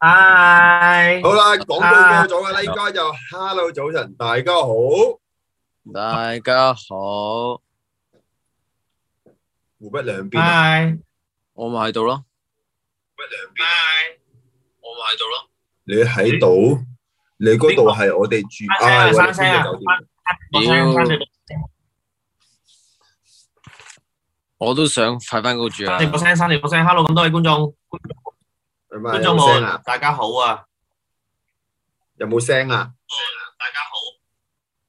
Hi，好啦，講到多咗啦，呢家就 Hello 早晨，大家好，大家好，湖北兩邊，我賣到咯，湖北兩邊，我賣到咯，你喺度，你嗰度係我哋住啊，或者邊度酒店？屌，我都想快翻嗰度住啊！我聲，我聲，Hello，咁多位觀眾。有冇聲啊？大家好啊！有冇聲啊？大家好。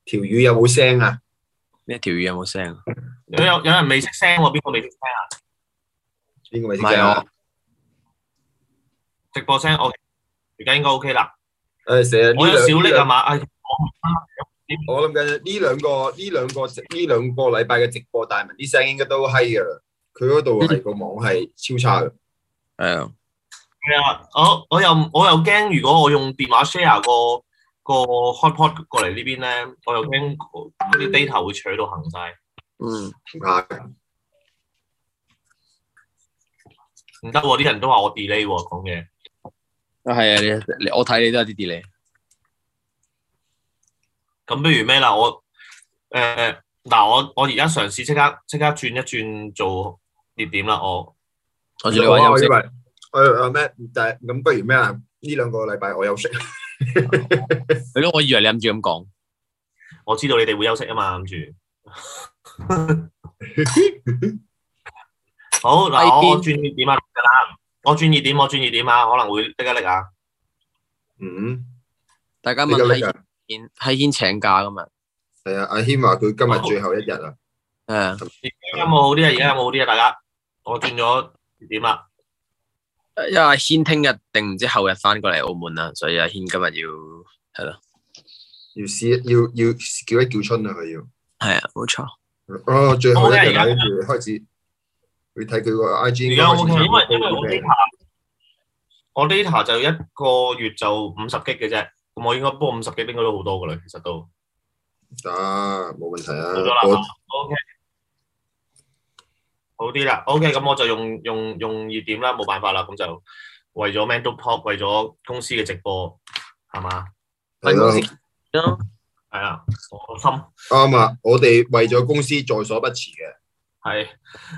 條魚有冇聲啊？咩條魚有冇聲啊？有有有人未識聲喎？邊個未識聲啊？邊個未識聲啊？唔係我。直播聲我而家應該 OK 啦。誒，成日我有小力係嘛？我諗緊呢兩個呢兩個呢兩個禮拜嘅直播，大文啲聲應該都係噶啦。佢嗰度係個網係超差嘅。係啊。我我又我又驚，如果我用電話 share 個、個 hotpot 過嚟呢邊咧，我又驚啲 data 會取到行晒。嗯，唔得，啲人都話我 delay 講嘢。啊，係啊，你我睇你都有啲 delay。咁不如咩啦？我誒嗱、呃、我我而家嘗試即刻即刻轉一轉做熱點啦。我轉轉點點我我，你我，我以為我阿咩？a 但係咁，不如咩啊？呢兩個禮拜我休息。你都我以為你諗住咁講，我， 我，我知道你哋會休息啊嘛，諗住。 好嗱邊，我轉二點啊，我轉二點，我轉二點啊，可能會逼一力啊。嗯，大家問阿軒，阿軒請假噶嘛？係啊，阿軒話佢今日最後一日啊。誒、嗯，而家有冇好啲啊？而家有冇好啲啊？大家，我轉咗二點啦。因為阿軒聽日定唔知後日翻過嚟澳門啦，所以阿軒今日要係咯，要試，要要叫一叫春啊，佢要係啊，冇錯哦，最後嘅嘢跟住開始，要睇佢個 IG。而家因為因為我 data，我 data 就一個月就五十 G 嘅啫，咁我應該煲五十 G 應該都好多噶啦，其實都得冇問題啊。好啦，OK。好啲啦，OK，咁我就用用用熱點啦，冇辦法啦，咁就為咗 Mandopop，為咗公司嘅直播，係嘛？係咯的，係啊，我心啱啊！我哋為咗公司在所不辭嘅。係，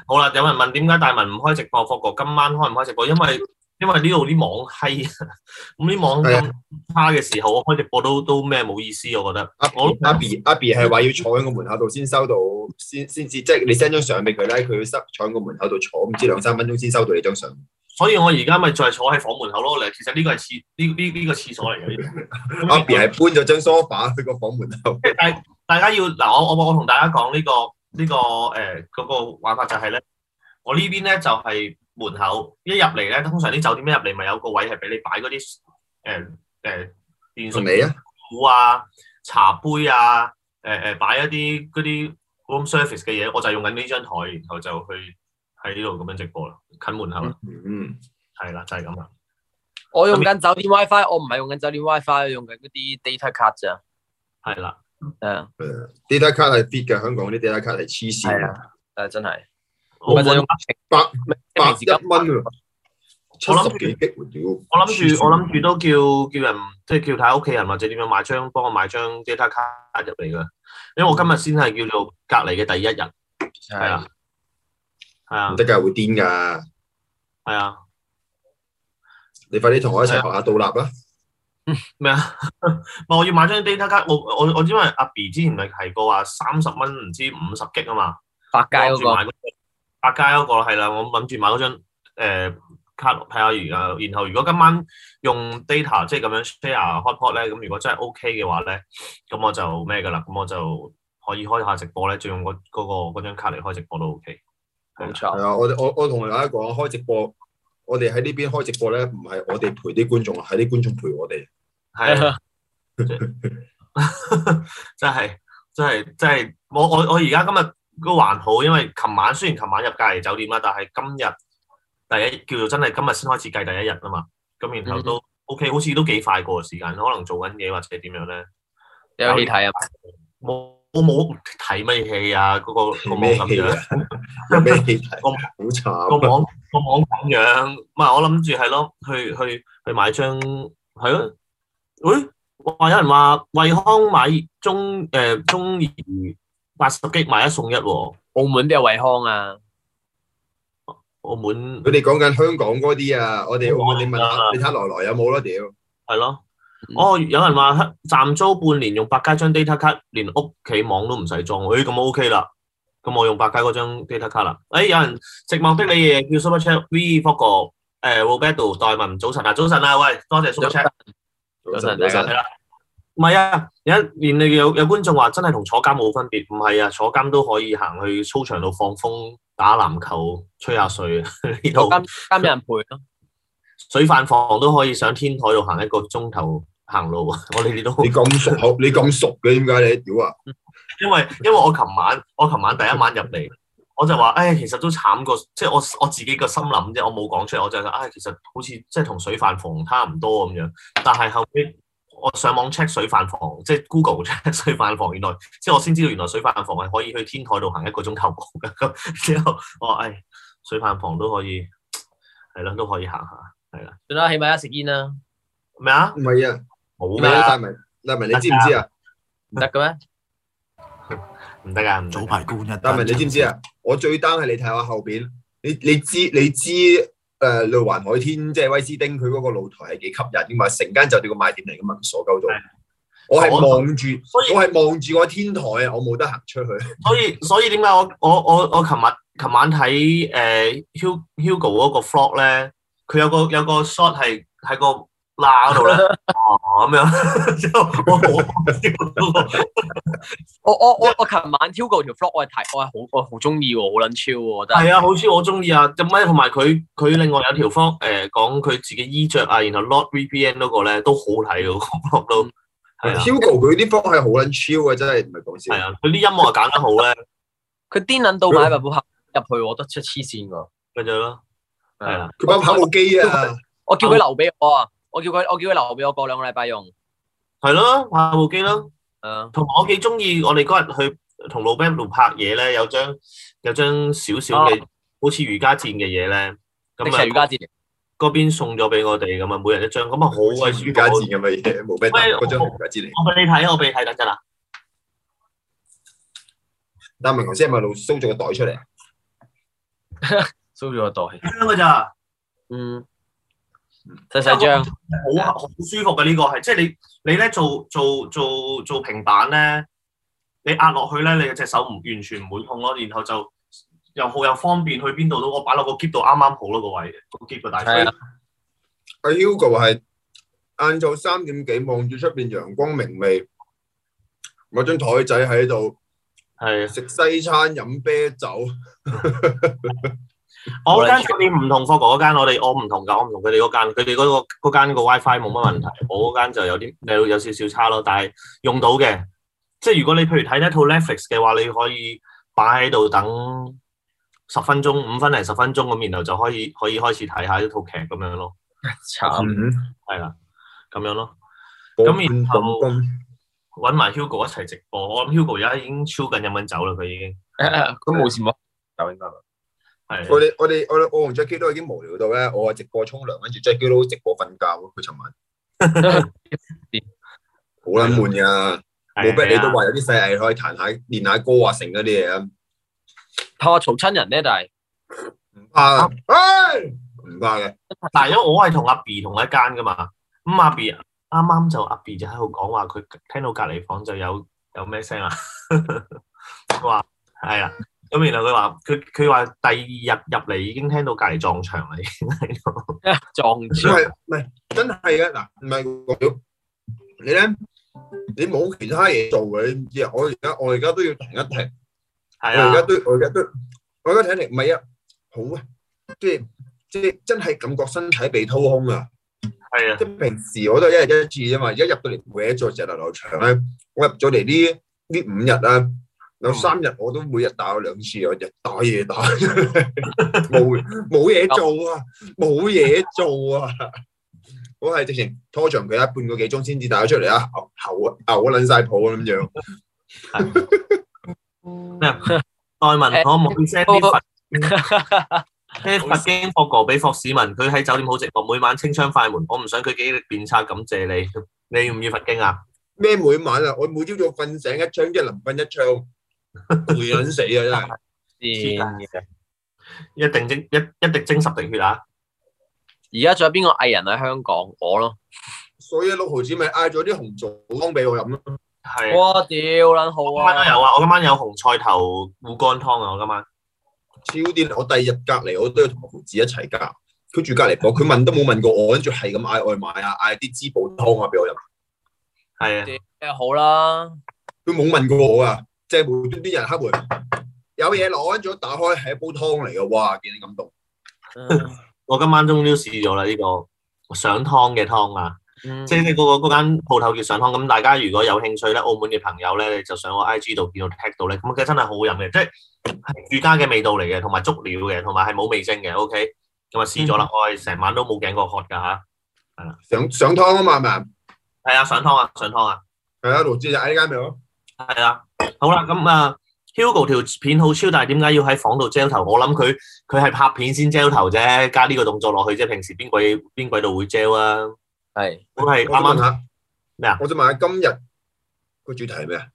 好啦，有人問點解大文唔開直播哥，今晚開唔開直播？因為。因為呢度啲網閪，咁啲網咁差嘅時候，的我開直播都都咩冇意思，我覺得。阿比我阿 B 阿 B 係話要坐喺個門口度先收到，先先至即係你 send 張相俾佢咧，佢要塞坐喺個門口度坐，唔知兩三分鐘先收到你張相。所以，我而家咪再坐喺房門口咯。其實呢個係廁呢呢呢個廁所嚟嘅。阿 B 係搬咗張梳化去個房門口。但係大家要嗱，我我我同大家講呢個呢個誒嗰個玩法就係咧，我呢邊咧就係。門口一入嚟咧，通常啲酒店一入嚟咪有個位係俾你擺嗰啲誒誒電水壺啊、茶杯啊、誒誒擺一啲嗰啲 room service 嘅嘢，我就用緊呢張台，然後就去喺呢度咁樣直播啦，近門口啦。嗯嗯，係、嗯、啦，就係咁啦。我用緊酒店 WiFi，我唔係用緊酒店 WiFi，用緊嗰啲 data card 咋。係啦，係啊，data card 係必噶，香港嗰啲 data card 係黐線啊，但係真係。我買百百一蚊啊，七十幾億，我諗住我諗住都叫叫人，即係叫睇屋企人或者點樣買張幫我買張 data 卡入嚟噶，因為我今日先係叫做隔離嘅第一日，係啊係啊，唔得噶會癲噶，係啊，啊你快啲同我一齊學下倒立啦，咩啊？立麼啊 我要買張 data 卡，我我我知因為阿 B 之前咪提過話三十蚊唔知五十 G 啊嘛，百佳嗰個。阿佳嗰個係啦，我諗住買嗰張、呃、卡睇下，然後如果今晚用 data 即係咁樣 share hot pot 咧，咁如果真係 OK 嘅話咧，咁我就咩㗎啦？咁我就可以開下直播咧，就用嗰嗰個嗰張卡嚟開直播都 OK。冇錯，係啊！我我我同大家講， 開直播，我哋喺呢邊開直播咧，唔係我哋陪啲觀眾，係啲觀眾陪我哋。係啊，真係真係真係，我我我而家今日。都還好，因為琴晚雖然琴晚入隔離酒店啦，但係今日第一叫做真係今日先開始計第一日啊嘛。咁然後都 OK，好似都幾快過時間，可能做緊嘢或者點樣咧？有去睇啊？冇，我冇睇咩嘢戲啊！嗰、那個、那個咁樣，樣，有咩戲睇，啊？個網好慘，個網個網咁樣。唔係我諗住係咯，去去去買張係咯。誒話、啊哎、有人話惠康買中誒、呃、中意。八十擊買一送一喎，啊，澳門都有惠康啊，澳門佢哋講緊香港嗰啲啊，的我哋我哋問下你睇來來有冇啦屌，係咯的，嗯、哦有人話合暫租半年用百佳張 data 卡，連屋企網都唔使裝，誒、欸、咁 ok 啦，咁我用百佳嗰張 data 卡啦，誒、欸、有人寂寞的你夜叫 super chat v focus，誒、呃、roberto 代文早晨啊早晨啊喂多謝 super chat，早晨早晨。唔係啊！有一年你有有觀眾話真係同坐監冇分別，唔係啊！坐監都可以行去操場度放風、打籃球、吹下水啊！呢度監，監俾人陪咯，水飯房都可以上天台度行一個鐘頭行路，我哋你都你咁熟，好 你咁熟嘅點解你屌啊？因為因為我琴晚我琴晚第一晚入嚟，我就話你、哎、其實都慘過，即、就、係、是、我我自己個心諗啫，我冇講出嚟，我就係話啊，其實好似即係同水飯房差唔多咁樣，但係後尾。我上網 check 水飯房，即係 Google check 水飯房，原來即係我先知道原來水飯房係可以去天台度行一個鐘頭步㗎咁。之後我唉、哎，水飯房都可以係啦，都可以行下，係啦。算啦，起碼一食煙啦。咩啊？唔係麼啊，冇㗎、啊。大明文，大明，你知唔知啊？唔得嘅咩？唔得啊！早排孤一。大明，你知唔知啊？我最擔心係你睇我後邊，你你知你知。誒內、呃、環海天，即、就、係、是、威斯汀，佢嗰個露台係幾吸引，因為成間酒店個賣點嚟噶嘛。鎖鳩到我，是我係望住，所以我係望住個天台啊，我冇得行出去。所以所以點解我我我我琴日琴晚睇誒、呃、Hugo 嗰個 Vlog 咧，佢有個有個 shot 係喺個。嗱嗰度啦，哦咁樣，我我我晚挑過我我琴晚 Tugul 條 Vlog 我係睇我係好我好中意喎，好捻超喎，真係係啊，好超我中意啊，就咧同埋佢佢另外有條方，l 誒講佢自己衣着啊，然後 Not VPN 嗰個咧都好睇個、啊啊、Vlog 係啊 Tugul 佢啲方係好捻超嘅，真係唔係講笑，係啊，佢啲音樂又揀得好咧，佢癲捻到買入去，我得出黐線咪就咯，係、嗯、啊，佢跑步機啊，我叫佢留俾我啊。我叫佢，我叫佢留俾我過兩個禮拜用。係咯，拍部機咯。嗯。同埋我幾中意我哋嗰日去同老 Ben 度拍嘢咧，有張有張少少嘅，啊、好似瑜伽墊嘅嘢咧。的確係瑜伽墊。嗰邊送咗俾我哋，咁啊，每人一張。咁啊，好鬼舒服。瑜伽墊咁嘅嘢，冇咩我。嗰張我瑜伽墊嚟。我俾你睇，我俾你睇得真啊。但係明唔明先？係咪老收咗個袋出嚟？收咗 個袋係。咁啊真。嗯。細細張，好好舒服嘅，就是，呢個係，即係你你咧做做做做平板咧，你壓落去咧，你隻手唔完全唔會痛咯，然後就又好又方便，去邊度都我擺落個 keep 度啱啱好咯，個位，個 keep 大。係啊，阿 U 哥係晏晝三點幾，望住出邊陽光明媚，我張台仔喺度，係食，啊、西餐飲啤酒。 我間你唔同霍哥嗰間，我哋我唔同噶，我唔同佢哋嗰間，佢哋嗰個嗰間個 WiFi 冇乜問題，我嗰間就有啲有有少少差咯，但係用到嘅，即係如果你譬如睇一套 Netflix 嘅話，你可以擺喺度等十分鐘、五分零十分鐘咁，然後就可以可以開始睇下一套劇咁樣咯。慘係啦，咁樣咯，咁然後搵埋 Hugo 一齊直播。我諗 Hugo 而家已經超緊飲緊酒啦，佢已經酒了，咁冇、啊、事冇走應該。 我哋我哋我我同 Jackie 都已經無聊到咧，我話直播沖涼，跟住 Jackie 都直播瞓覺，佢尋晚好撚 悶㗎的。無乜的的你都話有啲細藝可以彈下、練下歌啊，成嗰啲嘢啊。怕嘈親人咧，就係唔怕，唔、哎、怕嘅。但係因為我係同阿 B 同一間㗎嘛，咁阿 B 啱啱就阿 B 就喺度講話，佢聽到隔籬房就有有咩聲啊？佢話係啊。咁然後佢話佢佢話第二日入嚟已經聽到隔離撞牆啦，已經喺度撞牆，唔係着真係嘅嗱，唔係你咧，你冇其他嘢做嘅，你知啊！我而家我而家都要停一停，啊、我而家都我而家都我而家停一停，唔係啊，好啊，即即真係感覺身體被掏空啊，係啊，即平時我都一日一注啫嘛，而家入到嚟會做成日撞牆咧，我入咗嚟呢啲五日啦。有三日，我都每日打咗兩次，我日打夜打，冇冇嘢做啊，冇嘢做啊。我係直情拖長佢一半個幾鐘先至打咗出嚟啊，喉喉甩曬泡咁樣。咩啊？代文，我冇 send 啲佛經霍哥俾霍市民，佢喺酒店好直播，每晚清槍快門。我唔想佢記憶力變差，感謝你。你要唔要佛經啊？咩每晚啊？我每朝早瞓醒一槍，即係臨瞓一槍。回卵死啊！真係一定精一一滴精十滴血啊！而家仲有邊個藝人喺香港？我咯，所以六毫子咪嗌咗啲紅棗湯俾我飲咯。係的，我屌撚好啊！我今晚有啊，我今晚有紅菜頭護肝湯啊！我今晚超掂。我第二日隔籬我都要同六毫子一齊㗎。佢住隔籬房，佢問都冇問過我，跟住係咁嗌外賣啊，嗌啲滋補湯啊俾我飲。係啊的，好啦，佢冇問過我啊。即係無端端人黑門，有嘢攞我，跟打開係一煲湯嚟嘅，哇！見你咁動，嗯、 我今晚終於試咗啦呢個上湯嘅湯啊！嗯、即係、那、嗰個嗰間鋪頭叫上湯，咁大家如果有興趣咧，澳門嘅朋友咧，你就上我 IG 度見到 tag 到咧，咁佢真係好好飲嘅，即係係住家嘅味道嚟嘅，同埋足料嘅，同埋係冇味精嘅，OK。咁啊試咗啦，我成晚都冇頸過渴㗎嚇，係、啊、啦，上上湯啊嘛係咪？係啊，上湯啊，上湯啊！係啊，羅志日喺呢間咪咯？係啊。好啦、啊，咁啊，Hugo 條片好超，大，係點解要喺房度 gel 頭？我諗佢佢係拍片先 gel 頭啫，加呢個動作落去啫。平時邊鬼邊鬼度會 gel 啊？係，我係啱啱下咩啊、欸？我想問下今日個主題係咩啊？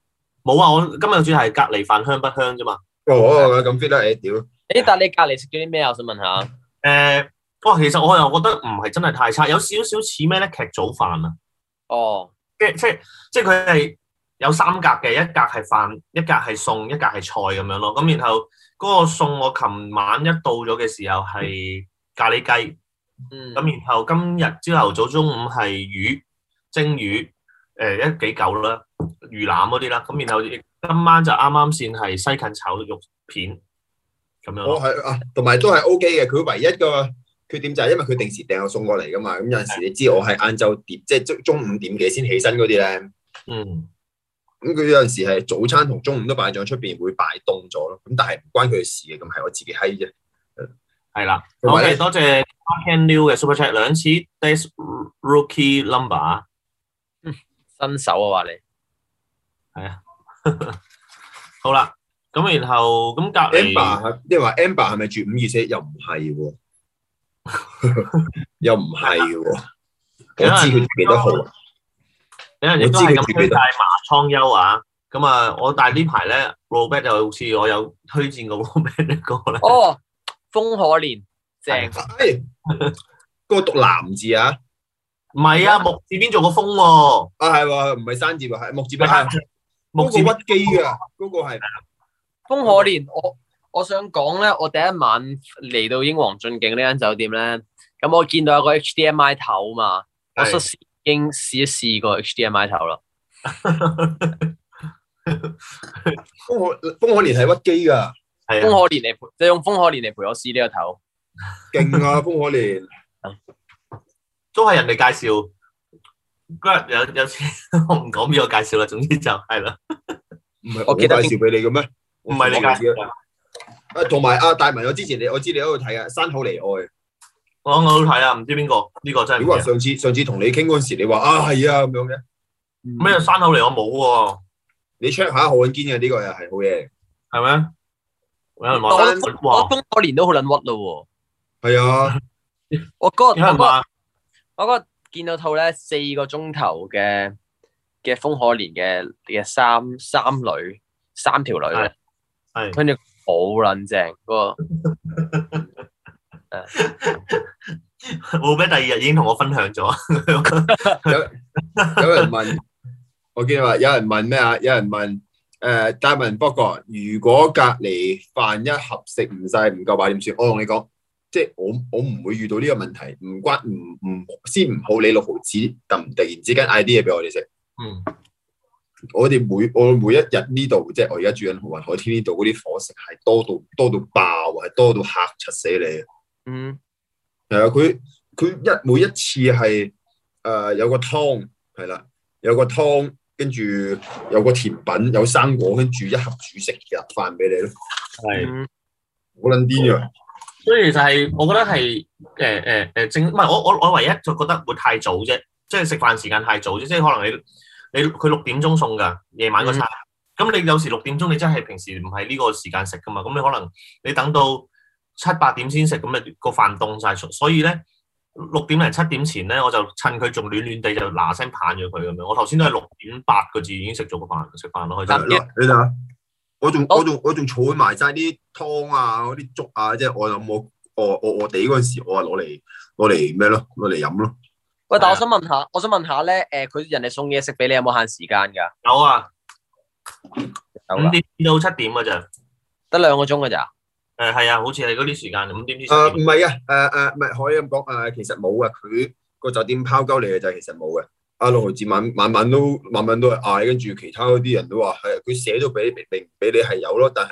冇啊，我今日主題係隔離飯香不香啫嘛。哦，咁 fit 得誒屌！誒，但係你隔離食咗啲咩啊？我想問下。誒，哇，其實我又覺得唔係真係太差，有少少似咩咧？劇組飯啊。哦。即即即佢係。有三格嘅，一格係飯，一格係餸，一格係菜咁樣咯。咁然後嗰個餸我琴晚一到咗嘅時候係咖喱雞，咁、嗯、然後今日朝頭早中午係魚、嗯、蒸魚，誒、呃、一幾嚿啦魚腩嗰啲啦。咁然後今晚就啱啱先係西芹炒肉片咁樣。哦，係啊，同埋都係 O K 嘅。佢唯一,一個缺點就係因為佢定時訂我送過嚟噶嘛。咁有陣時你知我係晏晝跌，嗯、即係中午點幾先起身嗰啲咧。嗯。咁佢、嗯、有陣時係早餐同中午都擺咗出邊麵會擺凍咗咯。咁但係唔關佢事嘅，咁係我自己閪啫。係啦的，我哋、OK, 多謝 Can New 嘅 Super Chat 兩次。This rookie number，、嗯、新手啊嘛你。係啊。 好啦，咁然後咁隔 Lumber，籬，Amber, 你話 Amber 係咪住五二四？ 又唔係喎，又唔係喎，我知佢幾多號。因為你知，係咁推介麻倉優啊，咁啊，我但係呢排咧，Robert 就好似我有推薦過個 Robert 嘅歌咧。哦，風可憐，正。哎，嗰 個讀南字啊？唔係啊，木字邊做個風？啊、那個，係，唔係生字，係木字邊。木字屈機啊，個係。風可憐，我我想講咧，我第一晚嚟到英皇駿景呢間酒店咧，咁我見到有個 HDMI 頭嘛，的我已經試一試過 HDMI 頭咯。風可連風可連係屈機噶，風、啊、可連嚟就用風可連嚟陪我試呢個頭。勁啊，風可連！ 都係人哋介紹。日有有，有 我唔講呢個介紹啦，總之就係、是、啦。唔 係我記得介紹俾你嘅咩？唔係你介紹。同埋阿大文，我之前你我知你喺度睇嘅《山口離愛》。我我好睇啊，唔知邊個呢個真係。點啊？上次上次同你傾嗰陣時，你話啊係啊咁樣嘅，咩、嗯、山口嚟？我冇喎。你 check 下我眼尖嘅呢個又係好嘢，係咪？有人話。阿嗰年都好卵屈咯。係啊，我嗰個我嗰個見到套咧四個鐘頭嘅嘅風可蓮嘅嘅三三女三條女嘅，係跟住好卵正個。 冇咩？ 第二日已經同我分享咗。 有有人問，我見話有人問咩啊？有人問，誒、呃，戴文不過，如果隔籬飯一盒食唔晒，唔夠話點算？我同你講，即係我我唔會遇到呢個問題，唔關唔唔先唔好理六毫紙，咁突然之間嗌啲嘢俾我哋食。嗯，我哋每我每一日呢度，即係我而家住緊雲海天呢度，嗰啲伙食係多到多到爆，係多到嚇柒死你。嗯，係啊，佢佢一每一次係誒有個湯係啦，有個湯，跟住有個甜品，有生果，跟住一盒煮食嘅飯俾你咯，係好撚癲啊！嗯、所以其實係，我覺得係誒誒誒正唔係我我我唯一就覺得會太早啫，即係食飯時間太早啫，即係可能你你佢六點鐘送噶夜晚個餐，咁、嗯、你有時六點鐘你真係平時唔係呢個時間食噶嘛，咁你可能你等到。七八點先食，咁咪個飯凍晒，所以咧六點零七點前咧，我就趁佢仲暖暖地就嗱聲棒咗佢咁樣。我頭先都係六點八個字已經食咗個飯，食飯咯。的你、哦、啊，啊，我仲我仲我仲坐埋晒啲湯啊，啲粥啊，即係我有冇，我我我哋嗰時我係攞嚟攞嚟咩咯，攞嚟飲咯。喂，但我想問下，是的 我想問下咧，誒、呃，佢人哋送嘢食俾你有冇限時間噶？有啊，五點到七點噶咋？得兩個鐘噶咋？誒係、嗯、啊，好似係嗰啲時間五點啲時間。誒唔係啊，誒誒唔係可以咁講啊，其實冇啊，佢個酒店拋鳩嚟嘅就係其實冇嘅。阿、啊、六志敏晚晚都晚晚都係嗌，跟住其他嗰啲人都話係，佢寫咗俾明明，俾你係有咯，但係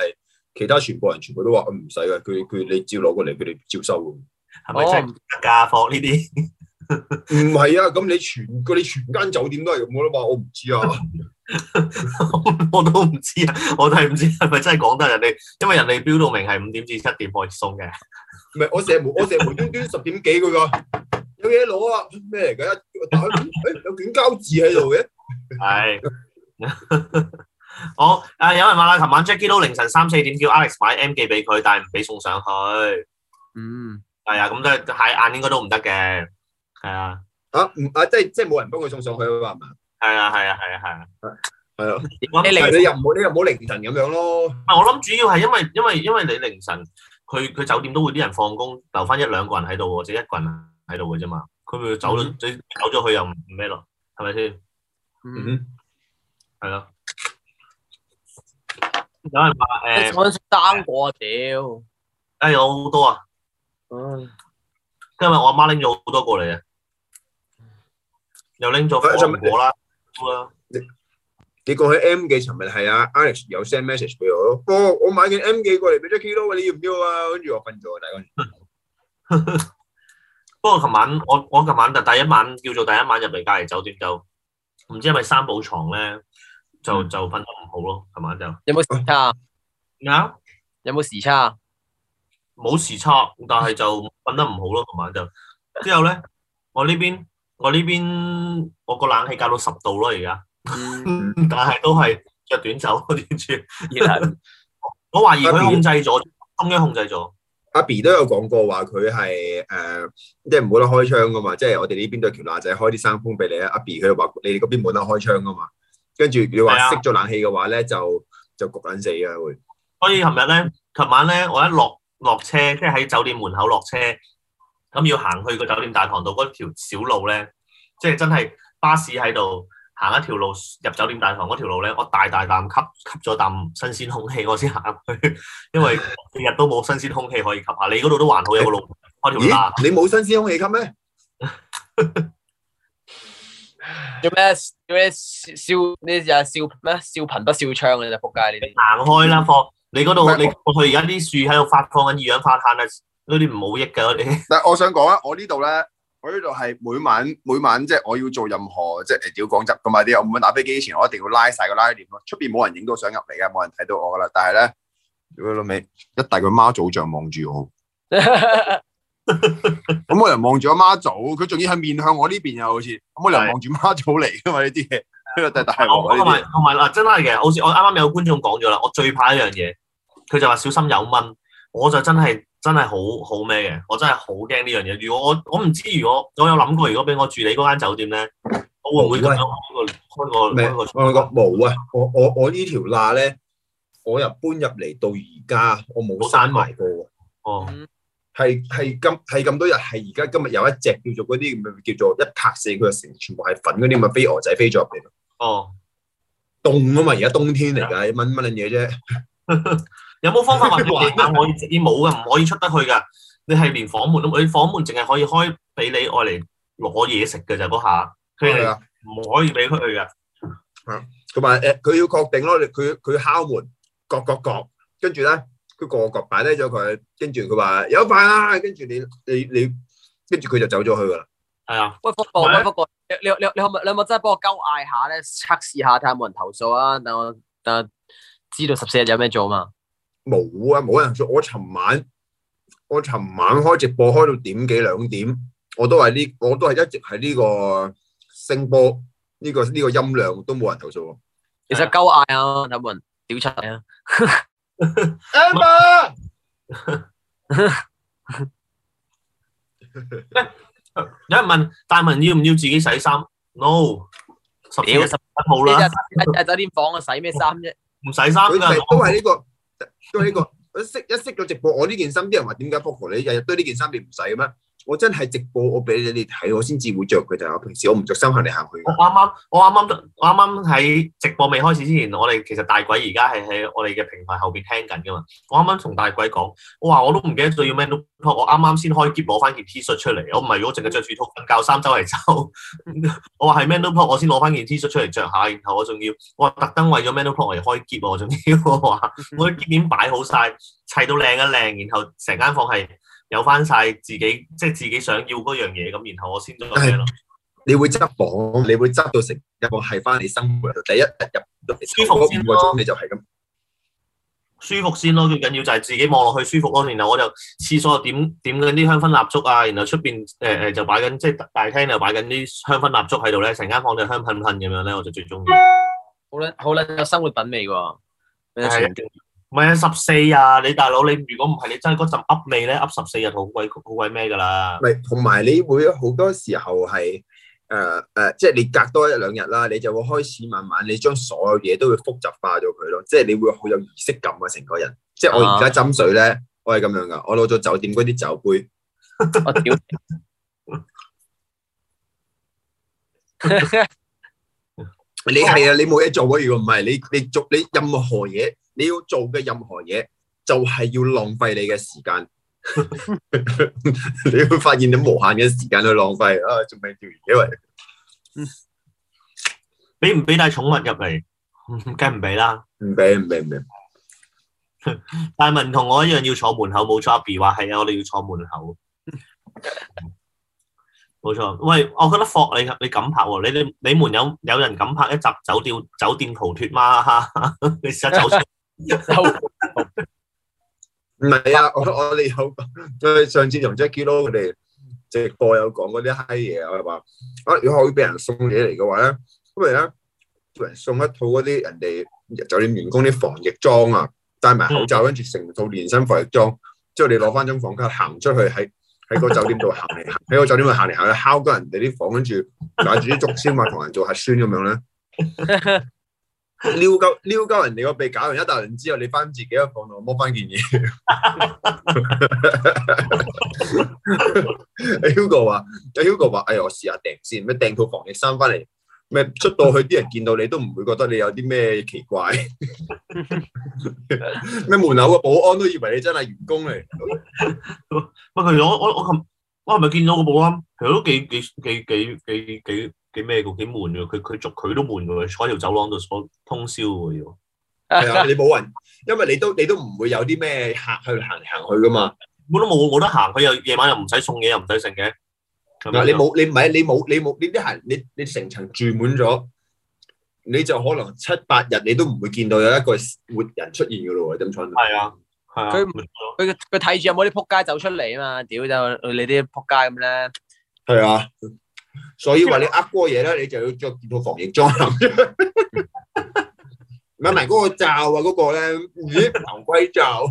其他全部人全部都話唔使嘅，佢、嗯、佢你照攞過嚟，佢哋照收嘅。係咪真係假貨呢啲？哦唔係 啊，咁你全佢哋全間酒店都係咁噶啦嘛，我唔知啊 我，我都唔知啊，我是是真係唔知係咪真係講得人哋，因為人哋標到明係五點至七點開始送嘅，唔係我成日無我成日無端端十點幾佢個有嘢攞啊，咩嚟噶？有卷膠紙喺度嘅，係，好，誒有人話啦，琴晚 Jackie 到凌晨三四點叫 Alex 買 M 記俾佢，但係唔俾送上去，嗯，係啊，咁都係睇眼應該都唔得嘅。係啊，啊，啊唔啊，即係即係冇人幫佢送上去咯，係係啊，係啊，係啊，係啊，係啊，你、欸、你又唔好你又唔好凌晨咁樣咯。啊，我諗主要係因為因為因為你凌晨佢佢酒店都會啲人放工留翻一兩個人喺度喎，或者一個人喺度嘅啫嘛。佢佢走咗走咗去又唔咩咯？係咪先？嗯，係咯、啊。有人話誒，我三個屌，哎有好多啊，唉今日我阿媽拎咗好多過嚟啊。又拎咗翻蘋果啦，你你過去 M 記尋日係啊 Alex 有 send message 俾我咯。哦，我買件 M 記過嚟俾咗 Kido，你要唔要啊？跟住我瞓咗啊！第一，不過琴晚我我琴晚第第一晚叫做第一晚入嚟隔離酒店就唔知因為三寶床咧，就就瞓得唔好咯，琴晚就？有冇時差？咩啊？有冇時差？冇時差，但係就瞓得唔好咯，琴晚就？之後咧，我呢邊。我呢邊我個冷氣校到十度咯，而家，但係都係着短袖，點知？我懷疑佢控制咗，中央阿 B, 控制咗、呃就是。阿 B 都有講過話佢係誒，即係冇得開窗噶嘛，即係我哋呢邊對條罅仔開啲山風俾你啊。阿 B 佢又話你哋嗰邊冇得開窗噶嘛，跟住如果話熄咗冷氣嘅話咧，就就焗緊死噶會。所以琴日咧，琴晚咧，我一落落車，即係喺酒店門口落車。咁要行去個酒店大堂度嗰條小路咧，即係真係巴士喺度行一條路入酒店大堂嗰條路咧，我大大啖吸吸咗啖新鮮空氣，我先行去，因為日日都冇新鮮空氣可以吸下。你嗰度都還好有個路開、欸、條罅，你冇新鮮空氣吸咩 ？做咩做咩笑，你笑咩？笑貧不笑窗？啊！你仆街麼你哋！行開啦，放你嗰度，你過去，而家啲樹喺度發放緊二氧化碳啊！嗰啲唔好益噶，嗰啲。但係我想講啊，我呢度咧，我呢度係每晚每晚即係我要做任何即係屌廣州咁埋啲。我唔會打飛機之前，我一定要拉晒個拉鏈咯。出邊冇人影到相入嚟嘅，冇人睇到我噶啦。但係咧，老味一大個媽祖像望住我，咁冇 人望住阿媽祖，佢仲要係面向我呢邊啊，好似咁冇人望住媽祖嚟噶嘛呢啲嘢。呢個第大。我同埋同埋啦，真係嘅，好似我啱啱有觀眾講咗啦，我最怕一樣嘢，佢就話小心有蚊，我就真係。真係好好咩嘅，我真係好驚呢樣嘢。如果我我唔知，如果我有諗過，如果俾我住你嗰間酒店咧，我會唔會咁樣開個開咩？我諗過冇啊！我我我呢條罅咧，我又搬入嚟到而家，我冇閂埋過喎。哦，係係咁係咁多日，係而家今日有一隻叫做嗰啲叫做一拍四，佢成，全部係粉嗰啲咪飛蛾仔飛咗入嚟。哦，凍啊嘛，而家冬天嚟㗎，一蚊乜嘢啫。 有冇方法話你夜可以直接冇嘅，唔可以出得去嘅？你係連房門都，你房門淨係可以開俾你外嚟攞嘢食嘅咋？嗰下，佢哋唔可以俾佢去嘅。係，同埋誒，佢、呃、要確定咯，佢佢敲門，各各各，跟住咧佢個角擺低咗佢，跟住佢話有飯啦，跟住你你你跟住佢就走咗去㗎啦。係啊，啊喂，副部，喂、啊，你你你你可唔你有冇真係幫我交嗌下咧？測試下睇下冇人投訴啊？等我等知道十四日有咩做啊嘛～冇啊，冇人投訴。我尋晚我尋晚開直播開到點幾兩點，我都係呢，我都係一直喺呢個聲波呢個呢個音量都冇人投訴。其實夠嗌啊，大文屌柒啊！Emma，有人問大文要唔要自己洗衫？No，十幾十一套啦。喺喺酒店房啊，洗咩衫啫？唔洗衫噶，都係呢個。都係呢、呢個，一識一識咗直播，我呢件衫啲人話點解 follow 你日日堆呢件衫你唔使嘅咩？我真係直播，我俾你哋睇，我先至會着佢。但我平時我唔着，先行嚟行去。我啱啱，我啱啱，我啱啱喺直播未開始之前，我哋其實大鬼而家係喺我哋嘅平台後邊聽緊噶嘛。我啱啱同大鬼講，我話我都唔記得咗要咩？我啱啱先開篋，攞翻件 T 恤出嚟。我唔係如果淨係着住套瞓覺衫周圍走。我話係咩？Pop，我先攞翻件 T 恤出嚟着下，然後我仲要，我話特登為咗咩？我先攞翻件 T 恤出嚟着下，然後我仲要，我話我啲潔面擺好晒，砌到靚一靚，然後成間房係。有翻晒自己，即係自己想要嗰樣嘢咁，然後我先再聽咯。你會執房，你會執到成一個係翻你生活第一，一入你舒服先咯，你就係咁舒服先咯。最緊要就係自己望落去舒服咯，然後我就廁所又點點啲香薰蠟燭啊，然後出邊誒誒就擺緊，即係大廳就擺緊啲香薰蠟燭喺度咧，成間房就香噴噴咁樣咧，我就最中意。好啦，好啦，有生活品味喎。係。唔係啊，十四啊，你大佬，你如果唔係你真係嗰陣噏味咧，噏十四日好鬼好鬼咩㗎喇？唔係，同埋你會好多時候係誒誒，即係你隔多一兩日啦，你就會開始慢慢你將所有嘢都會複雜化咗佢囉，即係你會好有儀式感啊成個人。即係我而家斟水咧，我係咁樣㗎，我攞咗酒店嗰啲酒杯。我屌！你係啊，你冇嘢做喎。如果唔係，你你做你任何嘢。你要做嘅任何嘢，就係、是、要浪費你嘅時間。 你會發現你無限嘅時間去浪費啊！仲未完。因為嗯，俾唔俾帶寵物入嚟？梗唔俾啦，唔俾唔俾唔俾。 大文同我一樣要坐門口，冇錯。阿 B 話係啊，我哋要坐門口，冇 錯。喂，我覺得霍你你敢拍，啊？你你你們有有人敢拍一集酒店酒店逃脫嗎？你實走有唔係啊？我我哋有，我 哋上次同 Jackie 咯，佢哋直播有講嗰啲閪嘢啊，話啊，如果可以俾人送嘢嚟嘅話咧，不如咧，人送一套嗰啲人哋酒店員工啲防疫裝啊，戴埋口罩，跟住成套連身防疫裝，嗯、之後你攞翻張房卡行出去，喺喺個酒店度行嚟行，喺個酒店度行嚟行，去，敲緊人哋啲房，拿跟住攞住啲竹籤，話同人做核酸咁樣咧。撩鳩撩鳩人哋個鼻搞完一大輪之後，你翻自己個房度摸翻件嘢。阿 Hugo 話：，阿 Hugo 話，哎我試下訂先，咩訂套防疫衫翻嚟，咩出到去啲人見到你都唔會覺得你有啲咩奇怪，咩 門口個保安都以為你真係員工嚟。我我我我係咪見到個保安？其實都幾幾幾幾幾幾。幾咩嘅？幾悶嘅，佢佢逐佢都悶嘅，坐喺條走廊度坐通宵嘅要。係啊，你冇人，因為你都你都唔會有啲咩客去行行去噶嘛。咁都冇冇得行，佢又夜晚又唔使送嘢，又唔使剩嘅。係咪？你冇你唔係你冇你冇呢啲係你你成層住滿咗，你就可能七八日你都唔會見到有一個活人出現嘅咯喎，點坐？係啊，係啊。佢佢佢睇住有冇啲仆街走出嚟啊嘛？屌就你啲仆街咁咧。係啊。所以話你呃過嘢咧，你就要着件套防疫裝。買埋嗰個罩啊，嗰個咧，唔知防龜罩。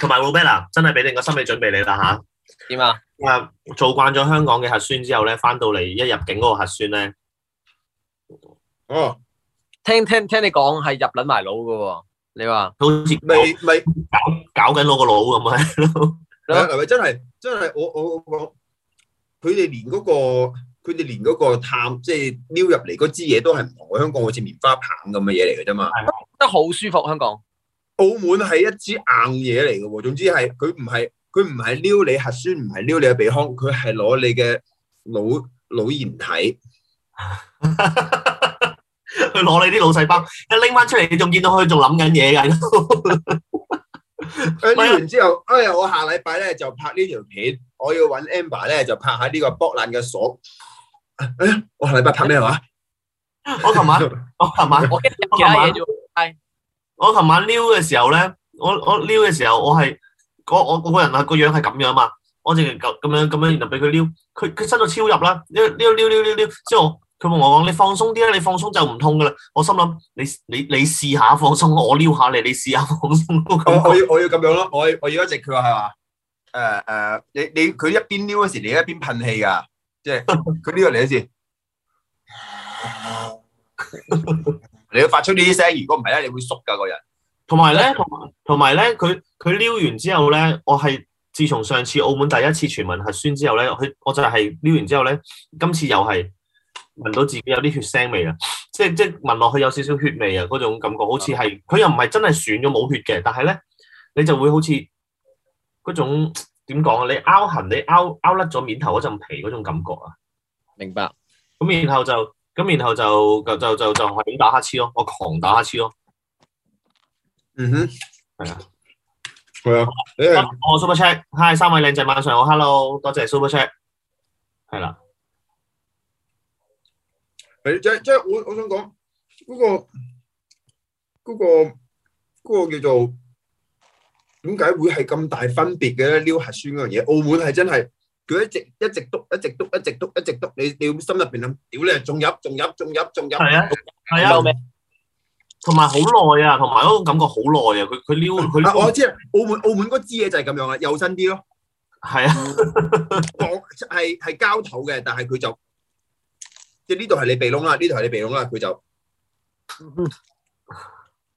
同埋，Waller 真係俾你個心理準備你啦吓？點啊？啊，做慣咗香港嘅核酸之後咧，翻到嚟一入境嗰個核酸咧，哦，聽聽聽你講係入卵埋腦噶喎？你話好似咪咪搞搞緊我個腦咁啊？係咪真係真係？我我我佢哋連嗰個佢哋連嗰個探，即係撩入嚟嗰支嘢都係唔同嘅。香港好似棉花棒咁嘅嘢嚟嘅啫嘛，得好舒服。香港澳門係一支硬嘢嚟嘅喎。總之係佢唔係佢唔係撩你核酸，唔係撩你嘅鼻腔，佢係攞你嘅腦腦炎體，去攞 你啲腦細胞。一拎翻出嚟，你仲見到佢仲諗緊嘢㗎。 買 完之後， 哎呀！我下禮拜咧就拍呢條片，我要揾 Amber 咧就拍下呢個剝爛嘅鎖，哎。我下禮拜拍咩話？我琴晚，我琴晚，我今係我琴晚撩嘅時候咧，我我撩嘅時候，我係我我個人啊個樣係咁樣嘛，我淨係咁咁樣咁樣，然後俾佢撩，佢佢伸到超入啦，撩撩撩撩撩撩，之後佢問我講，你放鬆啲啦，你放鬆就唔痛噶啦。我心諗你你你試下放鬆，我撩下你，你試下放鬆。我要我要我要咁樣咯，我我要一直佢話係嘛？誒誒、uh, uh,，你你佢一邊撩嗰時，你一邊噴氣噶，即係佢撩嚟一次， 你要發出呢啲聲。如果唔係咧，你會縮噶個人。同埋咧，同埋同埋咧，佢佢撩完之後咧，我係自從上次澳門第一次全民核酸之後咧，佢我就係撩完之後咧，今次又係。聞到自己有啲血腥味啊，即係即係聞落去有少少血味啊，嗰種感覺好似係佢又唔係真係損咗冇血嘅，但係咧你就會好似嗰種點講啊？你拗痕，你拗拗甩咗面頭嗰陣皮嗰種感覺啊。明白。咁然後就咁然後就就就就就係點打黑黐咯，我狂打黑黐咯。嗯哼，係啊的，係啊、嗯。我 Super Check，Hi，三位靚仔晚上好，Hello，多謝 Super Check，係啦。係即係即係，我我想講嗰個嗰個嗰個叫做點解會係咁大分別嘅？撩核酸嗰樣嘢，澳門係真係佢一直一直督，一直督，一直督，一直督。你你心入邊諗，屌你，仲有仲有仲有仲有，係啊，係啊。同埋好耐啊，同埋嗰種感覺好耐啊。佢佢撩佢。啊，我知啦，澳門澳門嗰支嘢就係咁樣啊，幼身啲咯。係啊，係係膠土嘅，但係佢就。即係呢度係你鼻窿啦，呢度係你鼻窿啦，佢就，嗯嗯，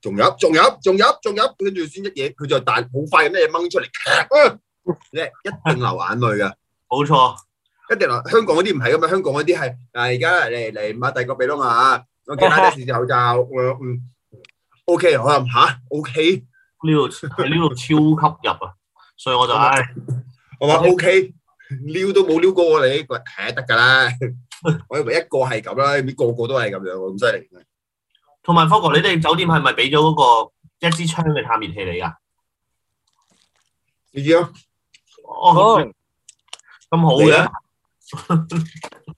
仲有，仲有，仲有，仲有，跟住先一嘢，佢就但好快咁嘢掹出嚟，你一定流眼淚噶，冇錯，一定流。香港嗰啲唔係噶嘛，香港嗰啲係，但係而家嚟嚟買第二個鼻窿啊，我其他嘅時候就，嗯，OK，我又吓，OK，撩，呢度超級入啊，所以我就，我話 OK，撩都冇撩過我你，誒得噶啦。我以為一個係咁啦，點個個都係咁樣，咁犀利。同埋，科哥，你哋酒店係咪俾咗嗰個一支槍嘅探熱器嚟噶？你知啦，哦咁好嘅，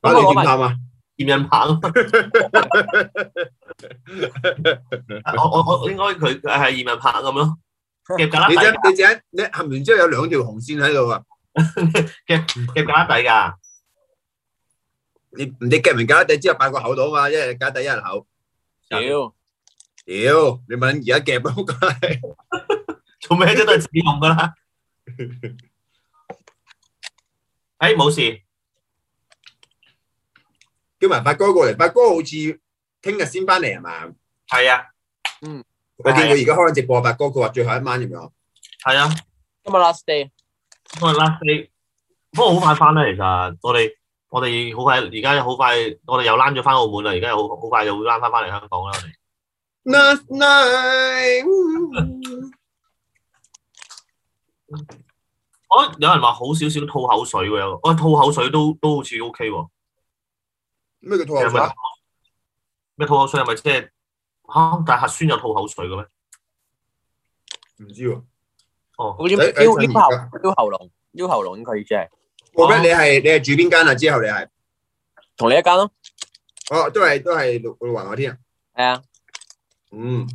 拿你劍探啊，驗孕棒咯。我我我應該佢係係驗孕棒咁咯。夾夾底，你只你只你行完之後有兩條紅線喺度啊，夾夾夾底噶。你你夾唔夾得？之後擺個口度嘛？一日夾底，一日口。屌醜，屌！你問而家夾乜鬼？ 做咩真都係自己用噶啦。 哎，冇事。叫埋發哥過嚟。發哥好似聽日先翻嚟係嘛？係啊。嗯。啊、我見佢而家開緊直播，發哥佢話最後一晚咁樣。係啊。今日 last day。今日 last day。不過好快翻啦，其實我哋。我哋好快，而家好快，我哋又拉咗翻澳門啦。而家好好快又會拉翻翻嚟香港啦。我哋。S 我有人話好少少吐口水嘅，我吐、哎、口水都都好似 OK 喎。咩嘅吐口水？咩吐口水？係咪即係？哈？但核酸有吐口水嘅咩？唔知喎、啊。哦，撩撩要喉嚨，撩喉嚨，應該意思我唔知你係你係住邊間啊？之後你係同你一間咯。哦，都係都係六六環嗰啲啊。係啊。嗯。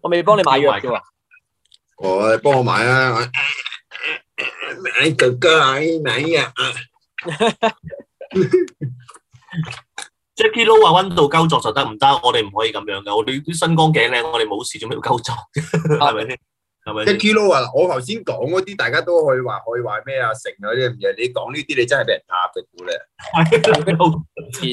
我未幫你買藥嘅喎。我你幫我買啊！買哥哥啊！買啊！Jackie Low 話溫度鈎作就得，唔得，我哋唔可以咁樣噶。我哋啲身光頸靚，我哋冇事，做咩要鈎作？係咪先？即係 Kilo 啊！係咪我頭先講嗰啲，大家都可以話可以話咩啊？成啊啲咁嘢，你講呢啲，你真係俾人打嘅股咧。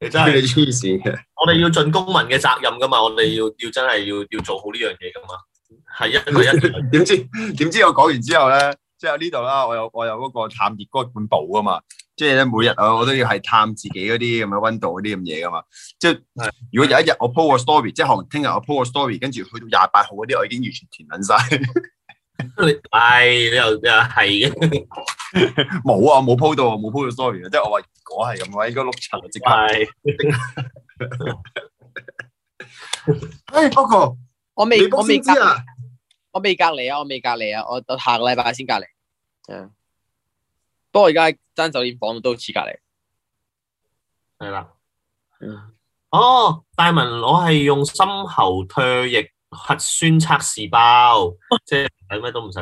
你 真係黐線嘅！我哋要盡公民嘅責任噶嘛，我哋要要真係要要做好呢樣嘢噶嘛。係一係一，個一個人， 點知點知我講完之後咧，即係呢度啦，我有我有嗰個探熱干漢堡嘛。即係咧，每日我我都要係探自己嗰啲咁嘅溫度嗰啲咁嘢噶嘛。即係如果有一日我 po 個 story，即係可能聽日我 po 個 story，跟住去到廿八號嗰啲我已經完全填緊晒。唉、 哎，你又又係嘅，冇啊，冇 po 到，冇 po 到 story 即係我話如果係咁，我應該碌柒即係。哎，哥哥 過，我未知我未隔，我未隔離啊，我未隔離啊，我下個禮拜先隔離。Yeah. 不過而家間酒店房都似隔離，係啦。哦，大文，我係用深喉唾液核酸測試包，即係乜都唔使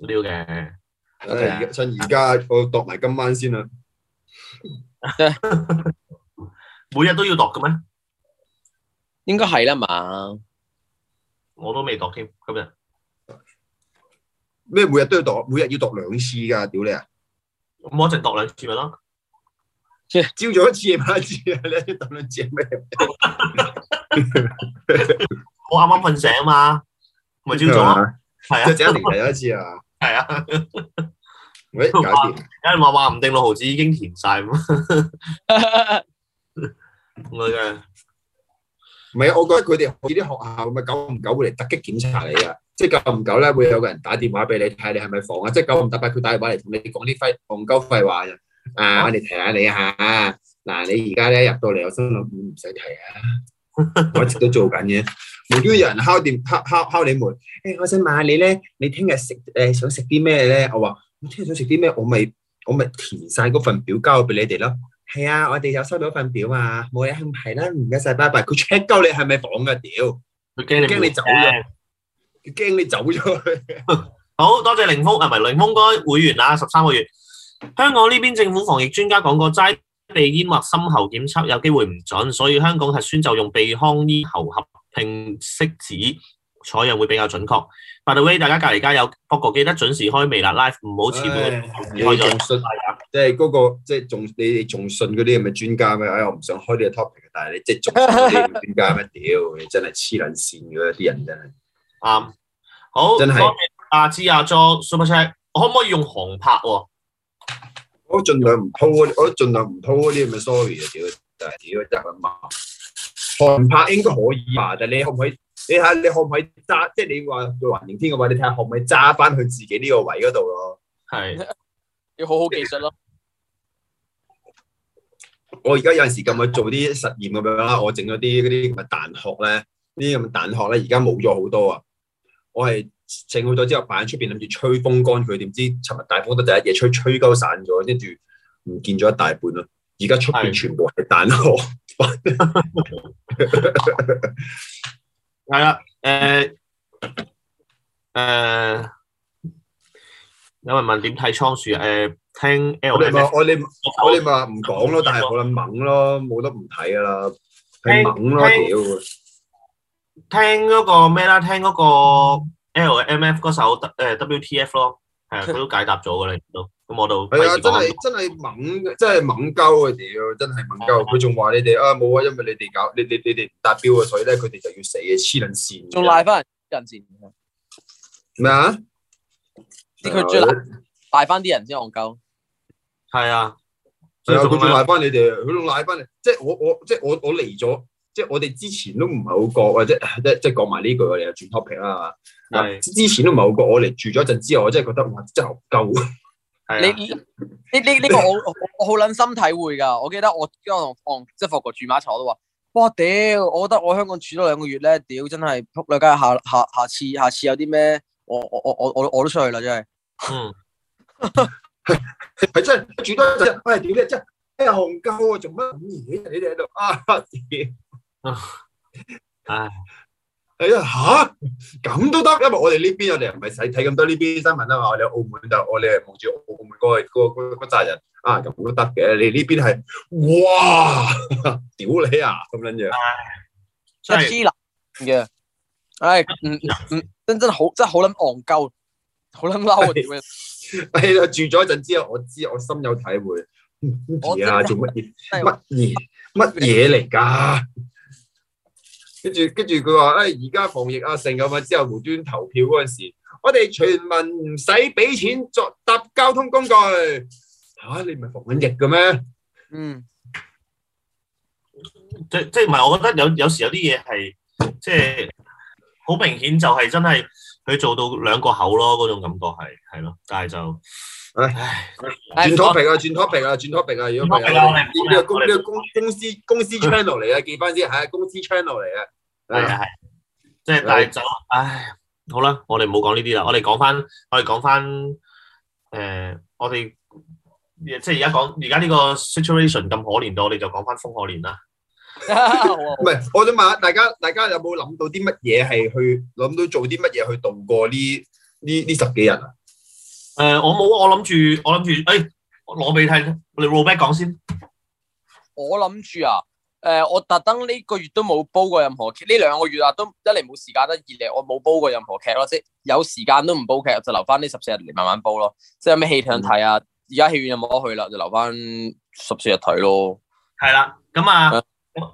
撩嘅。趁而家、啊、我度埋今晚先啦。 每日都要度嘅咩？應該係啦嘛。我都未度添，今日咩？每日都要度，每日要度兩次噶，屌你啊！我淨度兩次咪咯，嗯、朝早一次，夜晚一次，你喺度度兩次咩？ 我啱啱瞓醒嘛，咪 朝早，係吧啊， 一年嚟一次啊，係是啊，喂、 嗯，搞掂，有人話話唔定六毫子已經填晒咁啊！我嘅。唔係啊，我覺得佢哋依啲學校咪久唔久會嚟突擊檢查你啊，即係久唔久咧會有個人打電話俾你睇下你係咪房啊，即係九唔搭八佢打電話嚟同你講啲廢唔鳩廢話啊，啊我哋提下你嚇，嗱你而家咧入到嚟我心諗唔使提啊，我一直都做緊嘅，無端有人敲電敲敲敲你門，誒我想問下你咧，你聽日食誒想食啲咩咧？我話我聽日想食啲咩，我咪我咪填曬嗰份表交俾你哋咯。係啊，我哋有收到份表啊，冇嘢，係啦，唔該晒，Bye Bye。佢 check 鳩你係咪謊嘅屌，佢驚驚你走咗，佢驚你走咗。好多謝凌峰，啊唔係凌峰哥會員啊，十三個月。香港呢邊政府防疫專家講過，齋鼻咽或深喉檢測有機會唔準，所以香港特宣就用鼻腔咽喉合併拭子。採樣會比較準確。By the way，大家隔籬間有，不過記得準時開微啦。Live 唔好遲半開咗。即係嗰個，即係仲你你仲信嗰啲係咪專家咩？哎，我唔想開呢個 topic，但係你即係仲信嗰啲專家咩？屌， 真係黐撚線嘅，啲人、um, 好真係。啊，好，真係。阿芝、阿莊、super chef，我可唔可以用航拍、啊我盡？我盡量唔拖，我盡量唔拖嗰啲，咪 sorry 啊，屌，但係屌真係麻。航拍應該可以吧？但你可唔可以？你睇下，你可唔可以揸，即係你話做環形天嘅話，你睇下可唔可以揸翻去自己呢個位嗰度咯？係要好好技術咯。我而家有陣時咁去做啲實驗咁樣啦，我整咗啲嗰啲咁嘅蛋殼咧，呢啲咁嘅蛋殼咧，而家冇咗好多啊。我係整好咗之後擺喺出邊諗住吹風乾佢，點知尋日大風得第一日吹，吹鳩散咗，跟住唔見咗一大半咯。而家出邊全部係蛋殼。是 係啦，誒誒，有人問點睇倉鼠啊？誒，聽 LMF，我你我你話唔講咯，但係我諗猛咯，冇得唔睇噶啦，係猛咯，屌！聽嗰個咩啦？聽嗰個 L M F 嗰首誒 W T F 咯，係啊，佢都解答咗噶啦，都。係啊，真係真係猛，真係猛鳩、嗯、啊！屌，真係猛鳩。佢仲話你哋啊，冇啊，因為你哋搞，你哋你哋唔達標啊，所以咧佢哋就要死麼啊！黐撚線，仲賴翻人黐撚線。咩啊？啲佢最賴翻啲人先戇鳩。係啊，係啊，佢仲賴翻你哋，佢仲賴翻，即係我我即係我我嚟咗，即係我哋之前都唔係好覺，或者即即，即講埋呢句，我哋又轉 topic 啦。的之前都唔係好覺，我嚟住咗一陣之後，我真係覺得哇，真係好夠。你呢呢呢個我我好撚心體會㗎，我記得我我同即係服過駐馬草都話，哇屌！我覺得我香港住咗兩個月咧，屌真係，撲你家下下下次下次有啲咩，我我我我我我都出去啦，真係。嗯。係 真係住多一，喂屌你真係憨鳩啊！做乜五年你哋喺度啊？屌、哎。唉、哎。 哎吓？咁都得，因為我哋呢邊我哋唔係使睇咁多呢邊新聞啦嘛，我哋澳門就我哋係望住澳門嗰個嗰個嗰個責任啊，咁都得嘅。你呢邊係哇屌你啊咁樣樣，真係嘅。唉，嗯嗯，真真好真好撚戇鳩，好撚嬲嘅。係啊的樣，住咗一陣之後，我知我深有體會。我知啊，做乜嘢？乜嘢的？乜嘢嚟㗎？ 跟住跟住佢話，誒而家防疫啊，成咁樣之後無端投票嗰陣時，我哋全民唔使俾錢作搭交通工具。嚇、啊！你唔係防緊疫嘅咩？嗯。即即唔係，我覺得有有時有啲嘢係即係好明顯，就係真係佢做到兩個口咯，嗰種感覺係係咯，但係就。唉，轉 topic 啊，轉 topic 啊，轉 topic 啊，如果唔係呢個公呢個公司公司 channel 嚟嘅，記翻先，係公司 channel 嚟嘅，係係，即係但係就唉，好啦，我哋唔好講呢啲啦，我哋講翻，我哋講翻，誒，我哋即係而家講，而家呢個 situation 咁可憐到，我哋就講翻風可憐啦。唔係，我想問下大家，大家有冇諗到啲乜嘢係去諗到做啲乜嘢去度過呢呢呢十幾日啊？誒、呃，我冇，我諗住，我諗住，誒、哎，我攞俾你睇，我哋 r o b 講先我、啊呃。我諗住啊，誒，我特登呢個月都冇煲過任何劇，呢兩個月啊，都一嚟，冇時間，二嚟我冇煲過任何劇咯，即係有時間都唔煲劇，就留翻呢十四日嚟慢慢煲咯。即係有咩戲想睇啊？而家戲院又冇得去啦，就留翻十四日睇咯。係啦，咁啊，